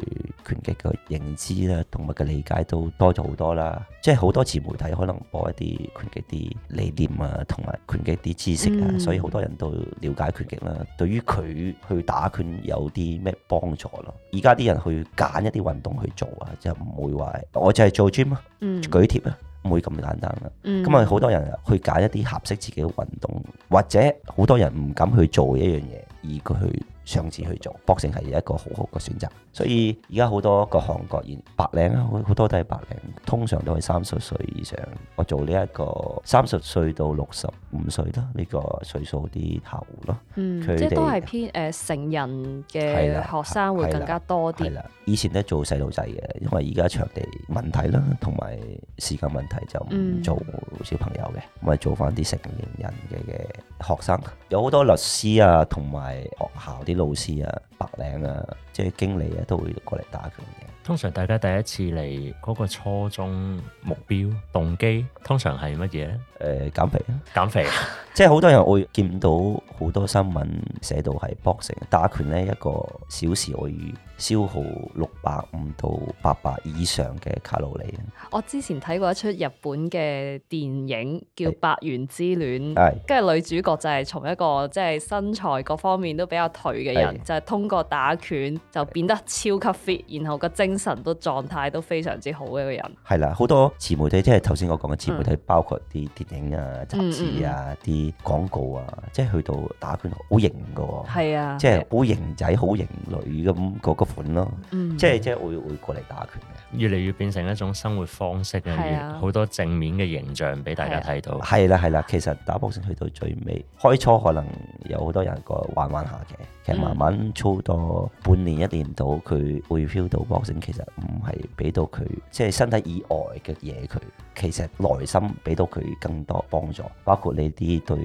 拳擊嘅認知啦，同埋嘅理解都多咗好多啦。即係好多自媒體可能播一啲拳擊啲理念啊，同埋拳擊啲知識啊，嗯、所以好多人都了解拳擊啦。對於佢去打拳有啲咩幫助咯？而家啲人去揀一啲運動去做啊，就唔會話我就係。做 gym 啊，舉鐵啊，唔會咁簡單啦。咁啊、嗯，好多人去揀一啲合適自己嘅運動，或者好多人唔敢去做一樣嘢，而佢去。上次去做，博城係一個好好嘅選擇，所以而家好多個韓國人白領啊，好好多都係白領，通常都係三十歲以上。我做呢一個三十歲到六十五歲啦，呢、這個歲數啲客戶咯。嗯，們即係都係偏誒、呃、成人嘅的學生會更加多啲。係啦，以前咧做細路仔嘅，因為而家場地問題啦，同埋時間問題，就唔做小朋友嘅，咁咪、嗯、做翻啲成年人嘅嘅學生。有好多律師啊，同埋學校啲老師啊！白領啊，即係經理啊，都會過嚟打拳嘅。通常大家第一次嚟嗰個初衷、目標動機通常係乜嘢咧？誒、呃，減肥啊！減肥啊！ 即係好多人會見到好多新聞寫到係 boxing 打拳咧一個小時會消耗六百五到八百以上嘅卡路里。我之前睇過一出日本嘅電影叫《百元之戀》，跟住、哎、女主角就係從一個即係、就是、身材各方面都比較頹嘅人，哎、就係通。個打拳就變得超級 fit，然後個精神都狀態都非常之好嘅一個人。係啦，好多自媒體即係頭先我講嘅自媒體，包括啲電影啊、雜誌啊、啲廣告啊，即係去到打拳好型嘅，係、哦、啊，即係好型仔、好型女咁嗰、嗰個款咯。即係、mm hmm. 即係會會過嚟打拳嘅，越嚟越變成一種生活方式嘅，好多正面嘅形象俾大家睇到。係啦係啦，其實打搏擊去到最尾，開初、uh、可能有好多人過玩玩下嘅，其實慢慢好多半年一年到佢會 feel 到 boxing，其實唔係俾到佢即係身體以外嘅嘢，佢其實內心俾到佢更多幫助，包括你啲對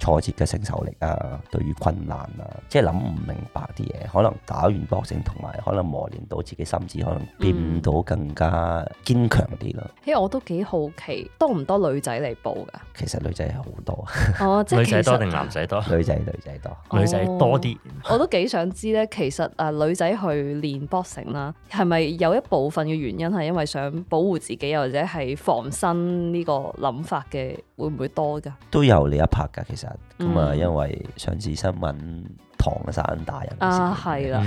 挫折嘅承受力啊，對於困難啊，即係諗唔明白啲嘢，可能打完 boxing 同埋可能磨練到自己心智，可能變到更加堅強啲咯。因為、嗯、我都幾好奇，多唔多女仔嚟報㗎？其實女仔好多啊、 哦，女仔多定男仔多？哦、女仔女仔多，女仔多啲。我都幾想知。其實啊，呃，女仔去練 boxing 啦，係咪有一部分嘅原因係因為想保護自己，又或者係防身呢個諗法嘅，會唔會多噶？都有呢一 part 噶，其實咁啊，因為上次新聞。防散打人啊，係啦，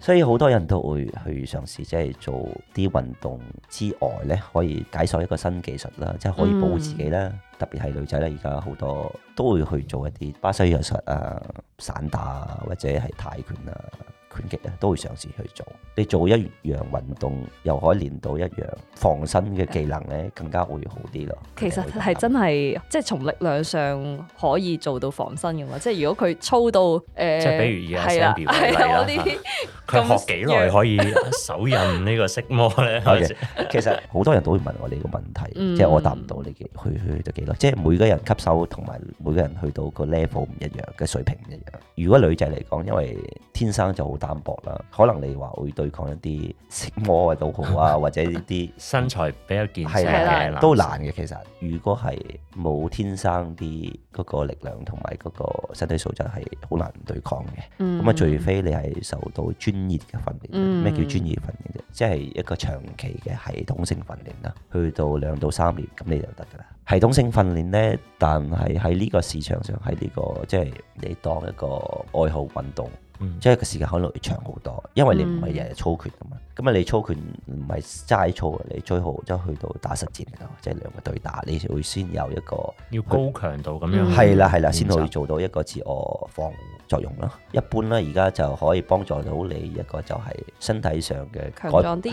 所以好多人都會去嘗試，即係做啲運動之外咧，可以解鎖一個新技術啦，即係可以保護自己啦。嗯、特別係女仔啦，而家好多都會去做一啲巴西柔術啊、散打、啊、或者係泰拳啦、啊。拳擊咧都會嘗試去做，你做一樣運動又可以練到一樣防身嘅技能咧，更加會好啲咯。其實係真係即係從力量上可以做到防身嘅嘛。即係如果佢操到誒，呃、即係比如而家成 B，係啊，佢學幾耐可以手印呢個色魔咧？ okay，其實好多人都會問我呢個問題，嗯、即係我答唔到你嘅，去去得幾耐？即係每個人吸收同埋每個人去到個 level 唔一樣嘅，水平唔一樣。如果女仔嚟講，因為天生就好單薄啦，可能你話會對抗一啲食魔啊、盜號啊，或者呢啲 身材比較健碩 都難嘅。其實如果係冇天生啲嗰個力量同埋嗰個身體素質係好難對抗嘅。咁啊、嗯，除非你係受到專業嘅訓練。咩、嗯、叫專業訓練啫？嗯、即係一個長期嘅系統性訓練啦，去到兩到三年咁你就得噶啦。系統性訓練呢，但係喺呢個市場上，喺呢、呢個、呢個、即係你當一個愛好運動。嗯、即係個時間可能會長好多，因為你唔係日日操拳㗎嘛。咁啊、嗯，你操拳唔係齋操啊，你最好即去到打實戰㗎，即係兩個對打，你會先有一個要高強度咁樣、嗯。係啦係啦，先作可以做到一個自我防護作用咯。一般啦，而家就可以幫助到你一個就係身體上嘅係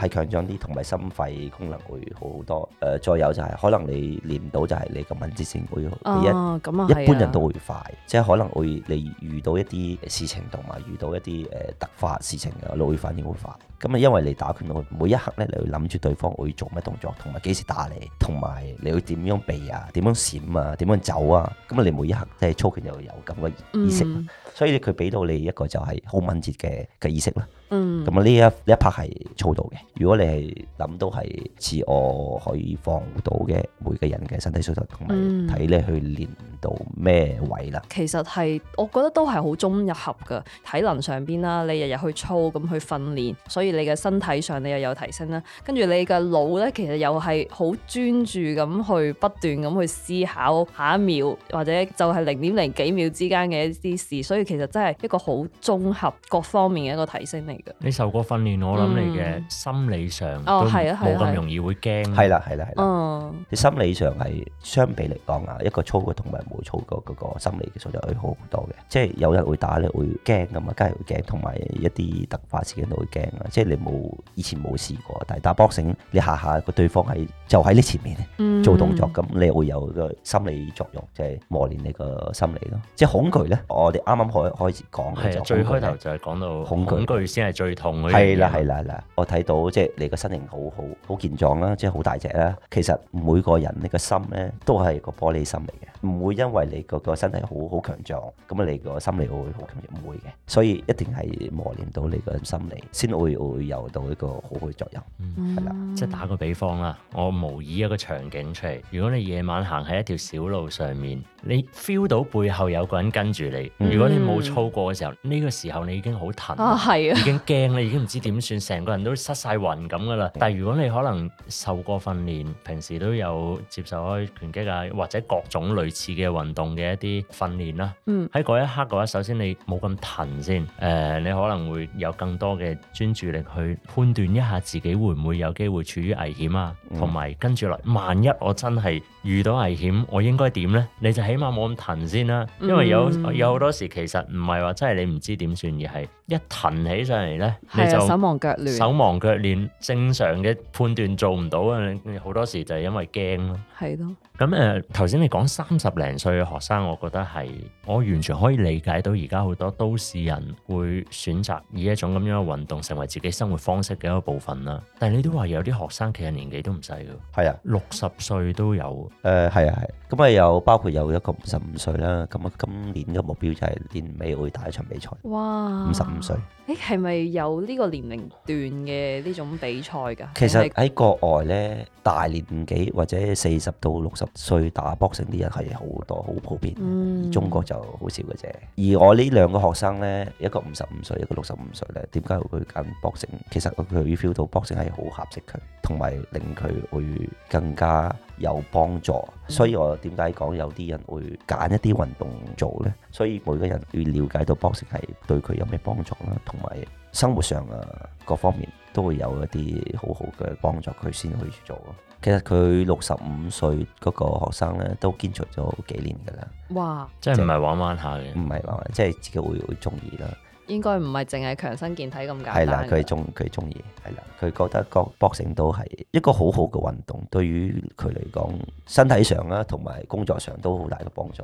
強壯啲，同埋心肺功能會好好多。誒、呃，再有就係、是、可能你練到就係你個敏捷性會好，一、啊、一般人都會快，即係可能會你遇到一啲事情同埋遇。到一啲誒突發事情嘅，你會反應好快。咁啊，因為你打拳路，每一刻咧，你會諗住對方會做咩動作，同埋幾時打你，同埋你要點樣避啊，點樣閃啊，點樣走啊。咁啊，你每一刻都係操拳就有咁嘅意識。嗯、所以佢俾到你一個就係好敏捷嘅嘅意識啦。嗯，咁啊呢一呢一 part 係操到嘅。如果你係諗到係自我可以放到嘅每個人嘅身體素質，同埋睇你呢、嗯、去練到咩位啦。其實係我覺得都係好中綜合噶體能上邊啦。你日日去操咁去訓練，所以你嘅身體上你又有提升啦。跟住你嘅腦咧，其實又係好專注咁去不斷咁去思考下一秒或者就係零點零幾秒之間嘅一啲事。所以其實真係一個好綜合各方面嘅一個提升嚟。你受過訓練，我諗你嘅心理上都冇咁、哦啊啊啊、容易會驚。係啦、啊，係啦、啊，係啦、啊。嗯你心理上係相比嚟講啊，一個粗嘅，同埋冇粗過嗰，那個心理嘅素質會好好多嘅。即係有人會打你會驚咁嘛，梗係會驚，同埋一啲突發事件都會驚啊。即係你冇以前冇試過，但係打 boxing，你下下個對方係就喺你前面嗯嗯，做動作，咁你會有個心理作用，即係磨練你個心理咯。即係恐懼咧，我哋啱啱開開始講係最開頭就係講到恐懼先係最痛嘅。係啦係啦係啦，我睇到即係你個身形好好好健壯啦，即係好大隻啦，其實。每個人呢個心呢都係個玻璃心嚟嘅，唔會因為你個個身體好好強壯，咁啊你個心理會好強唔會嘅？所以一定係磨練到你個心理，先會會有到一個好好嘅作用，係啦、嗯。的即係打個比方啦，我模擬一個場景出嚟，如果你夜晚行喺一條小路上面，你 feel 到背後有個人跟住你，如果你冇操過嘅時候，呢、嗯、個時候你已經好疼啊，係啊已，已經驚啦，已經唔知點算，成個人都失晒魂咁噶啦。但係如果你可能受過訓練，平時，都有接受開拳擊啊，或者各種類似嘅運動嘅一啲訓練啦。嗯，喺嗰一刻嘅話，首先你冇咁騰先，誒，你可能會有更多嘅專注力去判斷一下自己會唔會有機會處於危險啊，同埋跟住落嚟，萬一我真係遇到危險，我應該點咧？你就起碼冇咁騰先啦，因為有有好多時其實唔係話真係你唔知點算，而係一騰起上嚟咧，你就手忙腳亂，手忙腳亂，正常嘅判斷做唔到啊，好多時就。因為驚咯，係咯的。咁誒、嗯，頭先你講三十零歲嘅學生，我覺得係我完全可以理解到而家好多都市人會選擇以一種咁樣嘅運動成為自己生活方式嘅一個部分啦。但係你都話有啲學生其實年紀都唔細嘅，係啊的，六十歲都有誒，係啊係。咁啊有包括有一個五十五歲啦。咁啊今年嘅目標就係年尾會打一場比賽。哇，五十五歲誒，係咪有呢個年齡段嘅呢種比賽噶？其實喺是國外咧，大年。幾或者四十到六十歲打 boxing 啲人係好多好普遍，而中國就好少嘅啫。而我呢兩個學生呢，一個五十五歲，一個六十五歲呢，點解會揀 boxing？其實佢要 feel 到 boxing 係好合適佢，同埋令佢會更加有幫助。所以我點解講有啲人會揀一啲運動做呢？所以每個人要了解到 boxing 係對佢有咩幫助啦，同埋生活上啊各方面。都會有一啲好好嘅幫助，佢先去做咯。其實佢六十五歲嗰個學生咧，都堅持咗幾年噶啦。哇！正！即係唔係玩玩下嘅？唔係玩玩，即係自己會會中意啦。應該唔係淨係強身健體咁簡單。係啦，佢中佢中意，係啦，佢覺得個搏繩都係一個好好嘅運動，對於佢嚟講，身體上啦，同埋工作上都好大嘅幫助。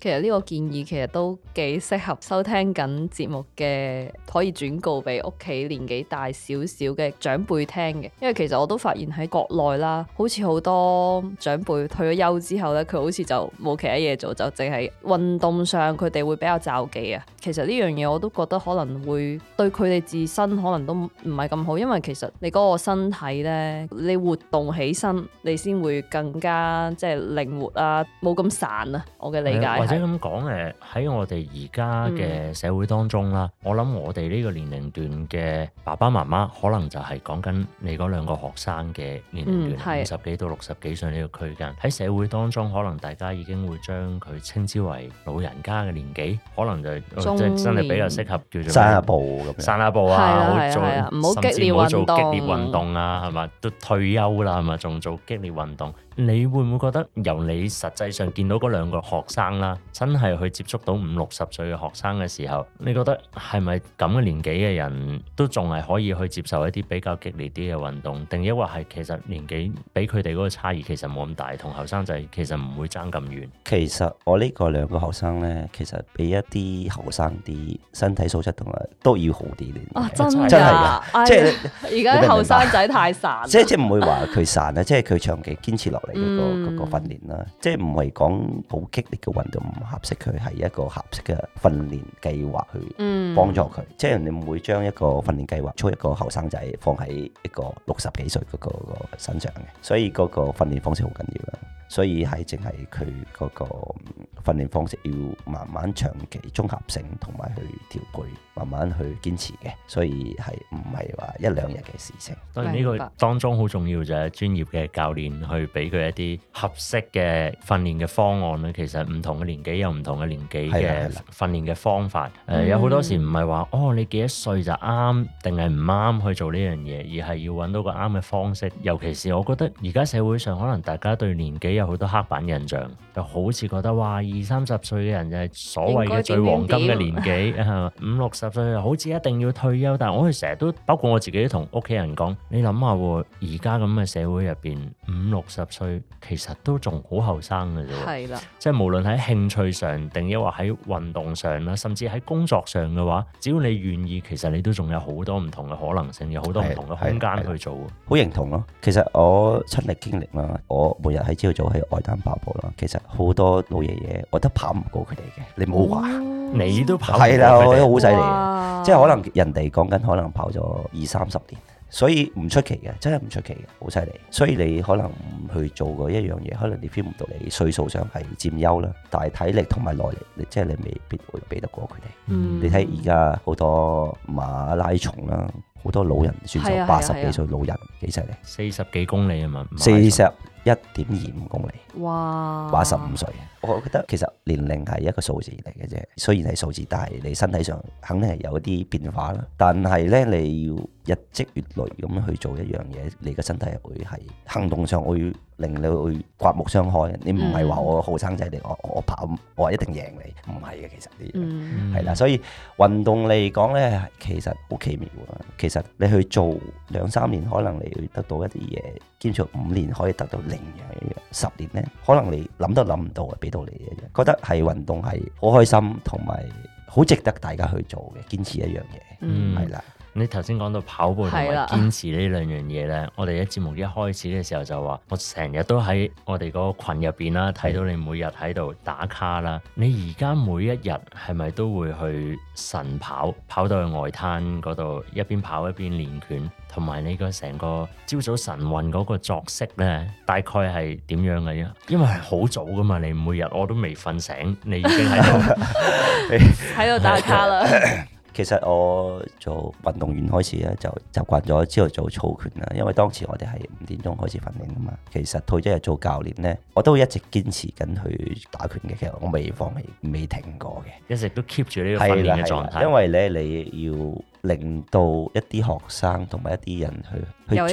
其實呢個建議其實都幾適合收聽緊節目嘅，可以轉告俾屋企年紀大少少嘅長輩聽嘅。因為其實我都發現喺國內啦，好似好多長輩退咗休之後呢，佢好似就冇其他嘢做，就淨係運動，上佢哋會比較就忌啊。其實呢樣嘢我都覺得可能會對佢哋自身可能都唔係咁好，因為其實你嗰個身體呢，你活動起身，你先會更加即係靈活啊，冇咁散啊。我嘅理解。 或者咁講誒，喺我哋而家嘅社會當中啦，嗯、我諗我哋呢個年齡段嘅爸爸媽媽，可能就係講緊你嗰兩個學生嘅年齡段，五十、嗯、幾到六十幾歲呢個區間喺社會當中，可能大家已經會將佢稱之為老人家嘅年紀，可能就年即係真係比較適合叫做散下步咁，散下步啊，甚至唔好、啊、激、激烈運動啊，係嘛？都退休啦，係咪？仲做激烈運動？你會唔會覺得由你實際上見到嗰兩個學生啦，真係去接觸到五六十歲嘅學生嘅時候，你覺得係咪咁嘅年紀嘅人都仲係可以去接受一啲比較激烈啲嘅運動？定抑或係其實年紀比佢哋嗰個差異其實冇咁大，同後生仔其實唔會差咁遠？其實我呢個兩個學生呢，其實比一啲後生啲身體素質同埋都要好啲嘅。哦、啊，真真係嘅，哎、呀即係而家後生仔太散，即係唔會話佢散，咧，即係佢長期堅持落。嚟嗰個訓練啦，嗯、即係唔係講好激烈嘅運動唔合適佢，係一個合適嘅訓練計劃去幫助佢。嗯、即係你唔會將一個訓練計劃，操一個後生仔放喺一個六十幾歲嗰個身上嘅，所以嗰個訓練方式好緊要嘅。所以係淨係佢嗰個訓練方式要慢慢長期綜合性同埋去調配，慢慢去堅持嘅。所以係唔係話一兩日嘅事情？當然呢個當中好重要就係專業嘅教練去俾佢一啲合適嘅訓練嘅方案啦。其實唔同嘅年紀有唔同嘅年紀嘅訓練嘅方法。誒、呃，有好多時唔係話哦，你幾多歲就啱定係唔啱去做呢樣嘢，而係要揾到個啱嘅方式。尤其是我覺得而家社會上可能大家對年紀。有好多黑板印象，就好似覺得哇，二三十歲嘅人就係所謂嘅最黃金嘅年紀， 五六十歲好似一定要退休。但係我哋成日都，包括我自己，同屋企人講，你諗下，而家咁嘅社會入邊，五六十歲其實都仲好後生嘅啫。係啦的，即係無論喺興趣上，定抑或喺運動上啦，甚至喺工作上嘅話，只要你願意，其實你都仲有好多唔同嘅可能性，有好多唔同嘅空間去做。好認同咯。其實我親歷經歷啦，我每日喺朝早。都係外灘跑步啦，其實好多老爺爺，我都跑唔過佢哋嘅。你冇話，嗯、是你都跑係啦，我都好犀利嘅。哇即係可能人哋講緊，可能跑咗二三十年，所以唔出奇嘅，真係唔出奇嘅，好犀利。所以你可能唔去做過一樣嘢，可能你 feel 唔到你歲數上係佔優啦，但係體力同埋耐力，你即係你未必會比得過佢哋。嗯、你睇而家好多馬拉松啦，好多老人，甚至八十幾歲老人幾犀利，四十幾公里啊嘛，四十。一點二五公里，哇！話十五歲，我覺得其實年齡係一個數字嚟嘅啫。雖然係數字，但係你身體上肯定係有一啲變化啦。但係呢，你要日積月累咁去做一樣嘢，你嘅身體會係行動上會，令你會刮目相看，你唔係話我後生仔嚟，我我跑我一定贏你，唔係嘅其實啲，係啦、嗯，所以運動嚟講咧，其實好奇妙啊！其實你去做兩三年，可能你會得到一啲嘢，堅持五年可以得到另一樣嘢，十年咧，可能你諗都諗唔到啊！俾到你嘅，覺得係運動係好開心，同埋好值得大家去做嘅，堅持一樣嘢，係啦、嗯。你頭先講到跑步同埋堅持呢兩樣嘢呢，的我哋喺節目一開始嘅時候就話，我成日都喺我哋嗰個群入邊啦，睇到你每日喺度打卡啦。你而家每一日係咪都會去晨跑，跑到去外灘嗰度，一邊跑一邊練拳，同埋你個成個朝早晨運嗰個作息呢，大概係點樣嘅？因因為好早噶嘛，你每日我都未瞓醒，你已經喺度喺度打卡啦。 其實我做運動員開始咧，就習慣咗之後做操拳啦。因為當時我哋係五點鐘開始訓練啊嘛。其實退咗去做教練呢，我都一直堅持緊去打拳嘅。其實我未放棄，未停過嘅，一直都 keep 住呢個訓練嘅狀態。因為呢，你要，令到一啲學生同埋一啲人去去做係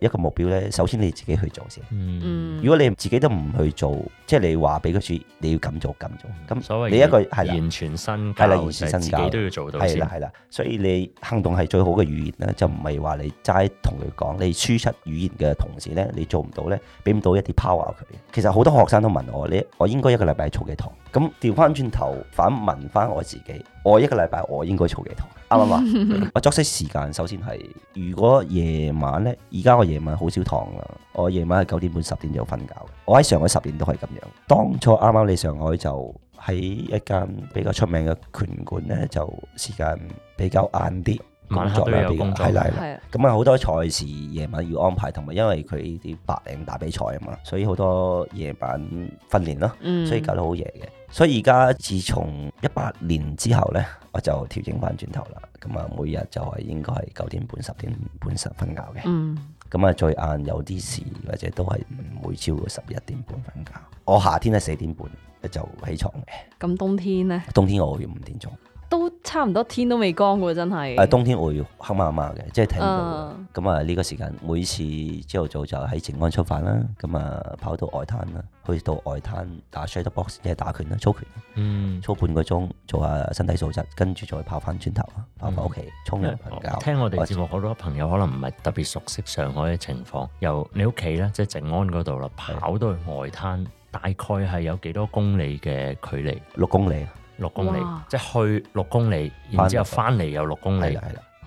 一個目標咧。首先你自己去做先。嗯。如果你自己都唔去做，即係你話俾佢知你要咁做咁做。咁所謂你一個係完全新。係啦，完全新教。自己都要做到先。係啦，係啦。所以你行動係最好嘅語言咧，就唔係話你齋同佢講。你輸出語言嘅同時咧，你做唔到咧，俾唔到一啲 power 佢。其實好多學生都問我，你我應該一個禮拜操幾堂？咁調翻轉頭反問翻我自己。我一個禮拜我應該做幾堂，啱啦嘛？ 我作息時間首先係，如果夜晚呢？而家我夜晚好少堂噶，我夜晚係九點半十點就瞓覺。我喺上海十年都係咁樣。當初啱啱嚟上海就喺一間比較出名嘅拳館呢，就時間比較晏啲，工作啦，工作比較係啦。咁啊好多賽事夜晚要安排，同埋因為佢啲白領打比賽啊嘛，所以好多夜晚訓練咯，所以搞到好夜嘅。嗯所以而家自從一八年之後呢，我就調整翻轉頭啦。咁啊，每日就係應該係九點半、十點半十分瞓覺嘅。嗯。咁啊，最晏有啲事或者都係唔會超過十一點半瞓覺。我夏天係四點半就起床嘅。咁冬天呢？冬天我會五點鐘。都差唔多天都未光喎、啊，真係。誒、啊，冬天會黑麻麻嘅，即係睇唔到嘅。咁啊，呢、嗯這個時間每次朝頭早就喺靜安出發啦，咁啊跑到外灘啦，去到外灘打 shadow box 即係打拳啦，操拳，嗯，操半個鐘做下身體素質，跟住再跑翻轉頭啊，跑翻屋企沖涼瞓覺。嗯、聽我哋節目好多朋友可能唔係特別熟悉上海嘅情況，由你屋企咧即係靜安嗰度啦，跑到去外灘，大概係有幾多公里嘅距離？六、嗯、公里。六公里，哇即係去六公里，然之後翻嚟又六公里，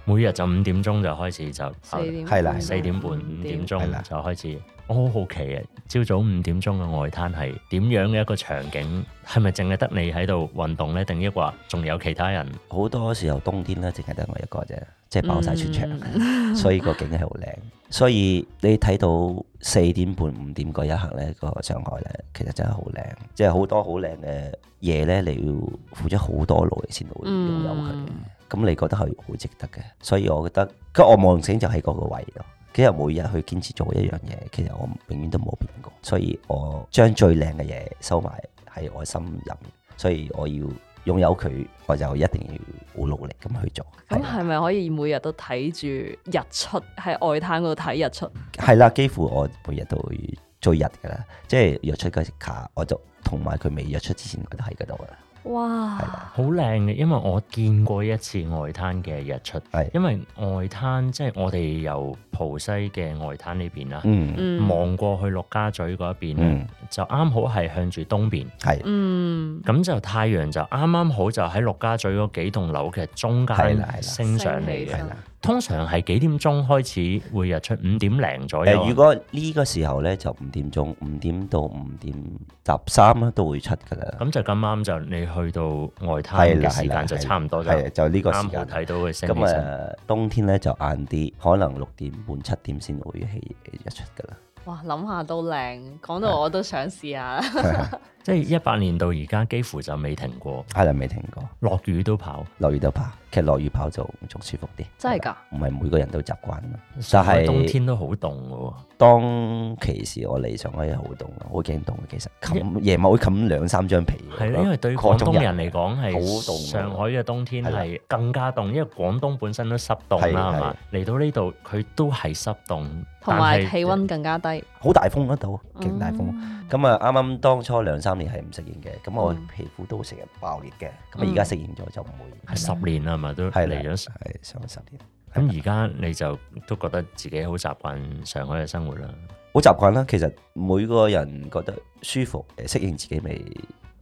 每日就五點鐘就開始就，係啦，四點半五的點鐘點就開始。我好的、哦、好奇啊，朝早五點鐘嘅外灘係點樣嘅一個場景？係咪淨係得你喺度運動呢？定抑或仲有其他人？好多時候冬天咧，淨係得我一個啫，即係包晒全場，嗯、 所以個景係好靚。所以你睇到四點半五點嗰一刻呢、個上海呢，其實真係好靚，即係好多好靚嘅嘢呢，你要付出好多努力先會擁有佢。咁、嗯嗯、你覺得係好值得嘅，所以我覺得，咁我望醒就係嗰個位咯。其實每日去堅持做一樣嘢，其實我永遠都冇變過。所以我將最靚嘅嘢收埋喺我心入，所以我要擁有佢，我就一定要好努力咁去做。咁係咪可以每日都睇住日出喺外灘嗰度睇日出？係啦， 幾乎我每日都會追日㗎啦，即係日出嗰時卡，我就同埋佢未日出之前，我都喺嗰度啦。哇，的好靚嘅，因為我見過一次外灘嘅日出，的因為外灘即係我哋由浦西嘅外灘呢邊啦，嗯、望過去陸家嘴嗰邊、嗯、就啱好係向住東邊，咁的、嗯、就太陽就啱啱好就喺陸家嘴嗰幾棟樓嘅中間升上嚟嘅。通常係幾點鐘開始會日出？五點零左右。呃、如果呢個時候呢，就五點鐘，五點到五點十三啦，都會出噶啦。咁就咁啱就你去到外灘嘅時間就差唔多就。就呢個啱好睇到嘅星、嗯。咁、呃、啊，冬天呢就晏啲，可能六點半、七點先會起日出噶啦。哇，諗下都靚，講到我都想試下。即係一八年到而家，幾乎就未停過，係啦，未停過，落雨都跑，落雨都跑。其實落雨跑就仲舒服啲，真係㗎。唔係每個人都習慣咯，就係冬天都好凍嘅喎。當其時我嚟上海又好凍，好驚凍其實。夜晚會冚兩三張被嘅。係咯，因為對廣東人嚟講係好凍。上海嘅冬天係更加凍，因為廣東本身都濕凍啦，嚟到呢度佢都係濕凍，同埋氣温更加低。好大風嗰度，勁大風。咁啊，啱啱當初兩三年係唔適應嘅，咁我皮膚都成日爆裂嘅。咁而家適應咗就唔會。係十年啦。係嚟咗上海十年，咁而家你就都覺得自己好習慣上海嘅生活啦。好習慣啦，其實每個人覺得舒服，適應自己未，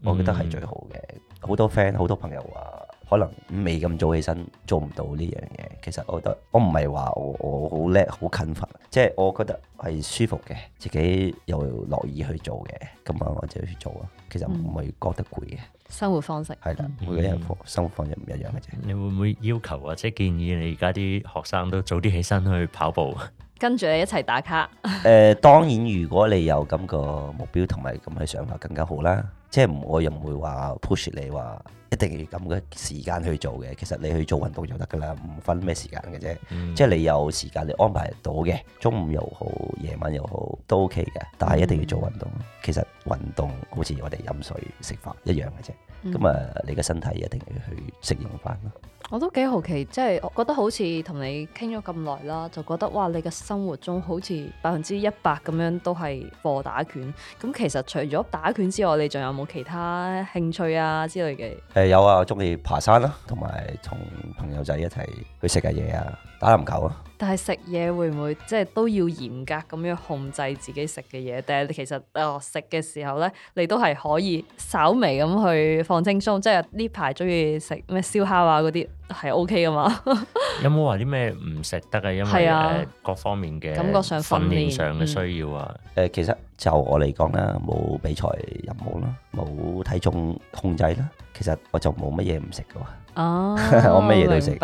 我覺得係最好嘅。好多 friend 好多朋友話，可能未咁早起身，做唔到呢樣嘢。其實我覺得我唔係話我好叻，好勤奮，即係我覺得係舒服嘅，自己又樂意去做嘅，咁啊我就去做啊。其實唔係覺得攰嘅。嗯生活方式係啦，每個人生活方式唔一樣嘅啫。你會唔會要求或者建議你而家啲學生都早啲起身去跑步，跟住你一齊打卡？誒、 呃，當然，如果你有咁個目標同埋咁嘅想法，更加好啦。即係我又唔會話 push 你話一定要咁嘅時間去做嘅，其實你去做運動就得噶啦，唔分咩時間嘅啫。嗯、即係你有時間你安排到嘅，中午又好，夜晚又好都 OK 嘅。但係一定要做運動，嗯、其實運動好似我哋飲水食飯一樣嘅啫。咁啊、嗯，你嘅身體一定要去適應翻囉。我都幾好奇，即係我覺得好似同你傾咗咁耐啦，就覺得哇，你嘅生活中好似百分之一百咁樣都係課打拳。咁其實除咗打拳之外，你仲有冇其他興趣啊之類嘅？誒，有啊，中意爬山啦，同埋同朋友仔一齊去食下嘢啊，打籃球啊。但係食嘢會唔會即係都要嚴格咁樣控制自己食嘅嘢？定係其實誒食嘅時候咧，你都係可以稍微咁去放輕鬆，即係呢排中意食咩燒烤啊嗰啲。係 OK 噶嘛？ 有冇話啲咩唔食得啊？因為各方面嘅感覺上訓練上嘅需要啊。誒、嗯，其實就我嚟講啦，冇比賽任務啦，冇體重控制啦，其實我就冇乜嘢唔食噶。哦、啊， 我乜嘢都食。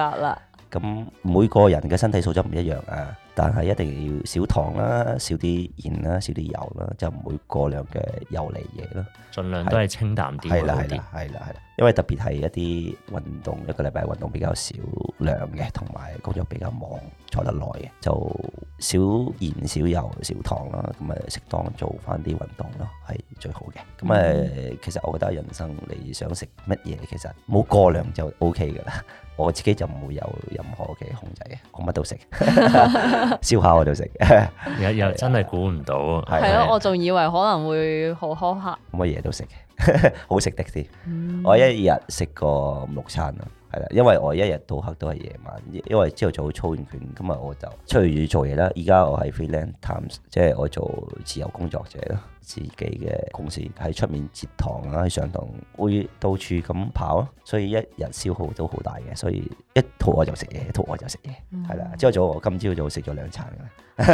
咁每個人嘅身體素質唔一樣啊，但係一定要少糖啦，少啲鹽啦，少啲油啦，就唔會過量嘅油膩嘢啦。儘量都係清淡啲。係啦係啦係啦係啦。因為特別係一啲運動一個禮拜運動比較少量嘅，同埋工作比較忙坐得耐嘅，就少鹽少油少糖啦。咁啊，適當做翻啲運動咯，係最好嘅。咁啊、呃，其實我覺得人生你想食乜嘢，其實冇過量就 OK 噶啦。我自己就唔會有任何嘅控制嘅，我乜都食， 燒烤我都食，又 又真係估唔到，係咯，我仲以為可能會好苛刻，乜嘢都食， 好食的啲，嗯、我一日食個五六餐啦。係啦，因為我一日到黑都係夜晚，因因為朝頭早操完拳，今日我就出去做嘢啦。而家我係 freelance Times，即係我做自由工作者咯。自己嘅公司喺出面接堂啊，去上堂，會到處咁跑啊，所以一日消耗都好大嘅。所以一肚餓就食嘢，一肚餓就食嘢。係啦，嗯，朝頭早我今朝早食咗兩餐啦。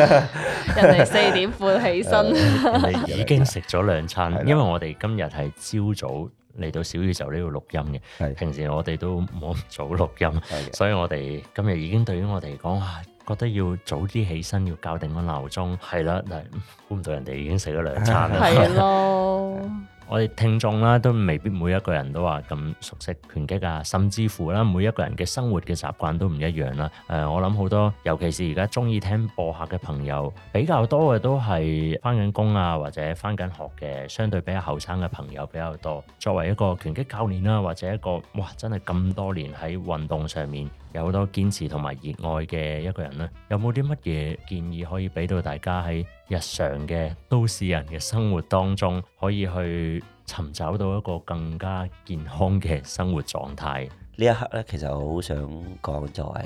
人哋四點半起身，已經食咗兩餐，因為我哋今日係朝早。嚟到小宇宙呢度錄音嘅，的平時我哋都冇咁早錄音，的所以我哋今日已經對於我哋嚟講，覺得要早啲起身，要搞定個鬧鐘，係啦，但係估唔到人哋已經食咗兩餐啦。係咯的。 我哋聽眾都未必每一個人都話咁熟悉拳擊啊，甚至乎啦，每一個人嘅生活嘅習慣都唔一樣啦、啊呃。我諗好多，尤其是而家中意聽播客嘅朋友，比較多嘅都係返緊工啊，或者返緊學嘅，相對比較後生嘅朋友比較多。作為一個拳擊教練啦、啊，或者一個哇，真係咁多年喺運動上面有好多堅持同埋熱愛嘅一個人呢，有冇啲乜嘢建議可以俾到大家？日常嘅都市人嘅生活當中，可以去尋找到一個更加健康嘅生活狀態。呢一刻咧，其實好想講、就係，就係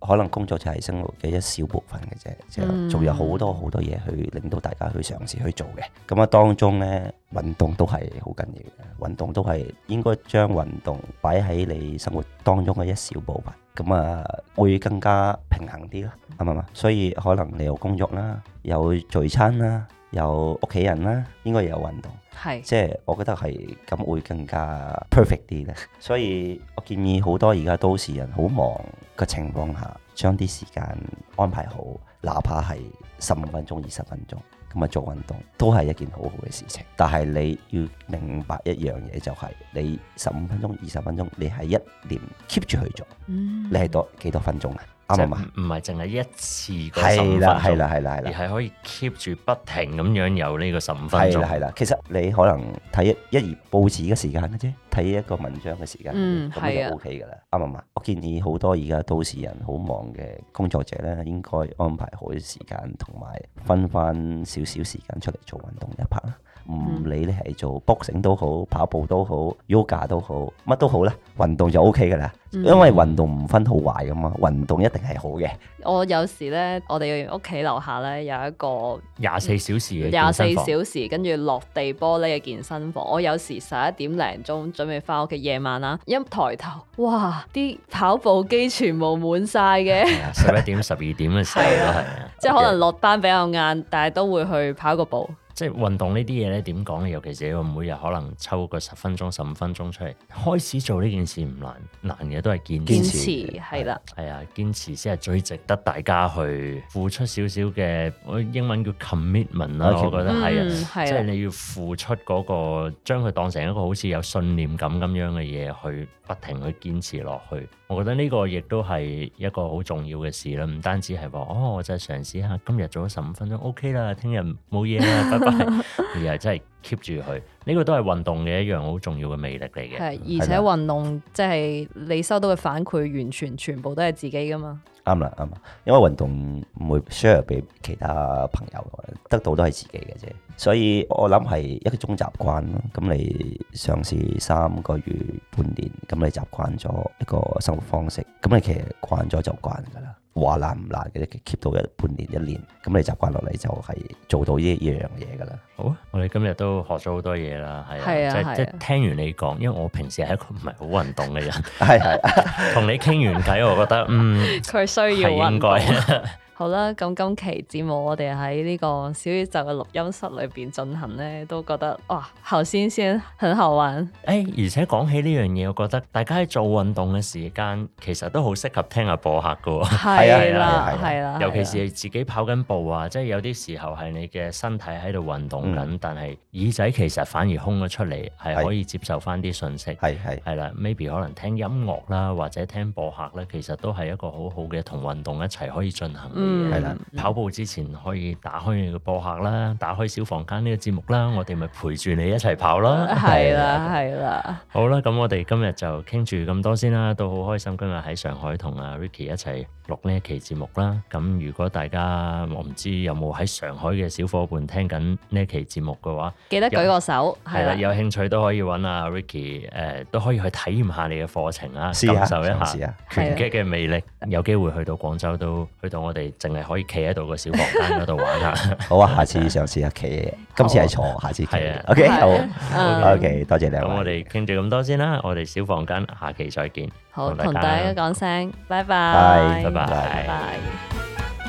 可能工作就係生活嘅一小部分嘅啫，嗯、就仲有好多好多嘢去令到大家去嘗試去做嘅。咁啊，當中咧運動都係好緊要嘅，運動都係應該將運動擺喺你生活當中嘅一小部分，咁啊會更加平衡啲咯，係咪、嗯？啱？所以可能你有工作啦，有聚餐啦，有屋企人啦，應該有運動。係，是即係我覺得係咁會更加 perfect 啲咧， 所以我建議好多而家都市人好忙嘅情況下，將啲時間安排好，哪怕係十五分鐘、二十分鐘咁啊做運動，都係一件好好嘅事情。但係你要明白一樣嘢就係、是，你十五分鐘、二十分鐘，你係一年 keep 住去做，嗯、你係多幾多分鐘啊？啱唔啱？唔，唔係淨係一次個十五分鐘，而係可以 keep 住不停咁樣有呢個十五分鐘。係啦係啦，其實你可能睇一頁報紙嘅時間嘅啫，睇一個文章嘅時間，咁、嗯、就 O K 噶啦。啱唔啱？我建議好多而家都市人好忙嘅工作者咧，應該安排好啲時間，同埋分翻少少時間出嚟做運動一拍啦。唔理你係做 boxing 都好，跑步都好，yoga 都好，乜都好啦，運動就 O K 噶啦。嗯、因為運動唔分好壞噶嘛，運動一定係好嘅。我有時呢，我哋屋企樓下呢，有一個廿四小時嘅廿四小時跟住落地玻璃嘅健身房，嗯、我有時十一點零鐘準備翻屋企夜晚啦、啊，一抬頭哇，啲跑步機全部滿晒嘅，十一點十二點嘅時候都係啊，即係可能落班比較晏，但係都會去跑個步。即係運動呢啲嘢咧，點講咧？尤其是一個每日可能抽個十分鐘、十五分鐘出嚟，開始做呢件事唔難，難嘅都係堅，堅持。堅持係啦。係啊、哎，堅持先係最值得大家去付出少少嘅，英文叫 commitment 啦、啊。啊、我覺得係啊，即係你要付出嗰、嗰個，將佢當成一個好似有信念感咁樣嘅嘢去不停去堅持落去。我覺得呢個亦都係一個好重要嘅事啦。唔單止係話哦，我就係嘗試下今日做咗十五分鐘，OK 啦，聽日冇嘢啦。 而係真係 keep 住佢，呢、這個都係運動嘅一樣好重要嘅魅力嚟嘅。係而且運動即係的你收到嘅反饋，完全全部都係自己噶嘛。啱啦，啱。因為運動唔會 share 俾其他朋友，得到都係自己嘅啫。所以我諗係一個種習慣咯。咁你嘗試三個月，半年，咁你習慣咗一個生活方式，咁你其實慣咗就慣噶啦。話難唔難嘅，keep 到一半年一年，咁你習慣落嚟就係做到呢一樣嘢噶啦好啊，我哋今日都學咗好多嘢啦，係啊，即係聽完你講，因為我平時係一個唔係好運動嘅人，係係，同你傾完偈，我覺得嗯，佢需要應該運動。 好啦，咁今期節目我哋喺呢個小宇宙嘅錄音室裏邊進行咧，都覺得哇，頭先先很好玩。誒、哎，而且講起呢樣嘢，我覺得大家喺做運動嘅時間，其實都好適合聽下播客噶。係啦，係啦，尤其是自己跑緊步啊，即係有啲時候係你嘅身體喺度運動緊，嗯、但係耳仔其實反而空咗出嚟，係可以接受翻啲信息。係係係啦，maybe 可能聽音樂啦，或者聽播客咧，其實都係一個好好嘅同運動一齊可以進行。係啦，嗯、跑步之前可以打開你個播客啦，打開小房間呢個節目啦，我哋咪陪住你一齊跑啦。係啦，係啦。好啦，咁我哋今日就傾住咁多先啦，都好開心今日喺上海同阿 Ricky 一齊錄呢一期節目啦。咁如果大家我唔知有冇喺上海嘅小伙伴聽緊呢一期節目嘅話，記得舉個手。係啦有的，有興趣都可以揾阿 Ricky，誒、呃，都可以去體驗下你嘅課程啦，感受一下拳擊嘅魅力。的有機會去到廣州都去到我哋。淨係可以企喺度個小房間嗰度玩下，好啊！下次想試下企，今次係坐，下次企。啊。OK，好，OK，多謝你。咁我哋傾住咁多先啦，我哋小房間下期再見。好，同大家講聲拜拜，拜拜，拜拜。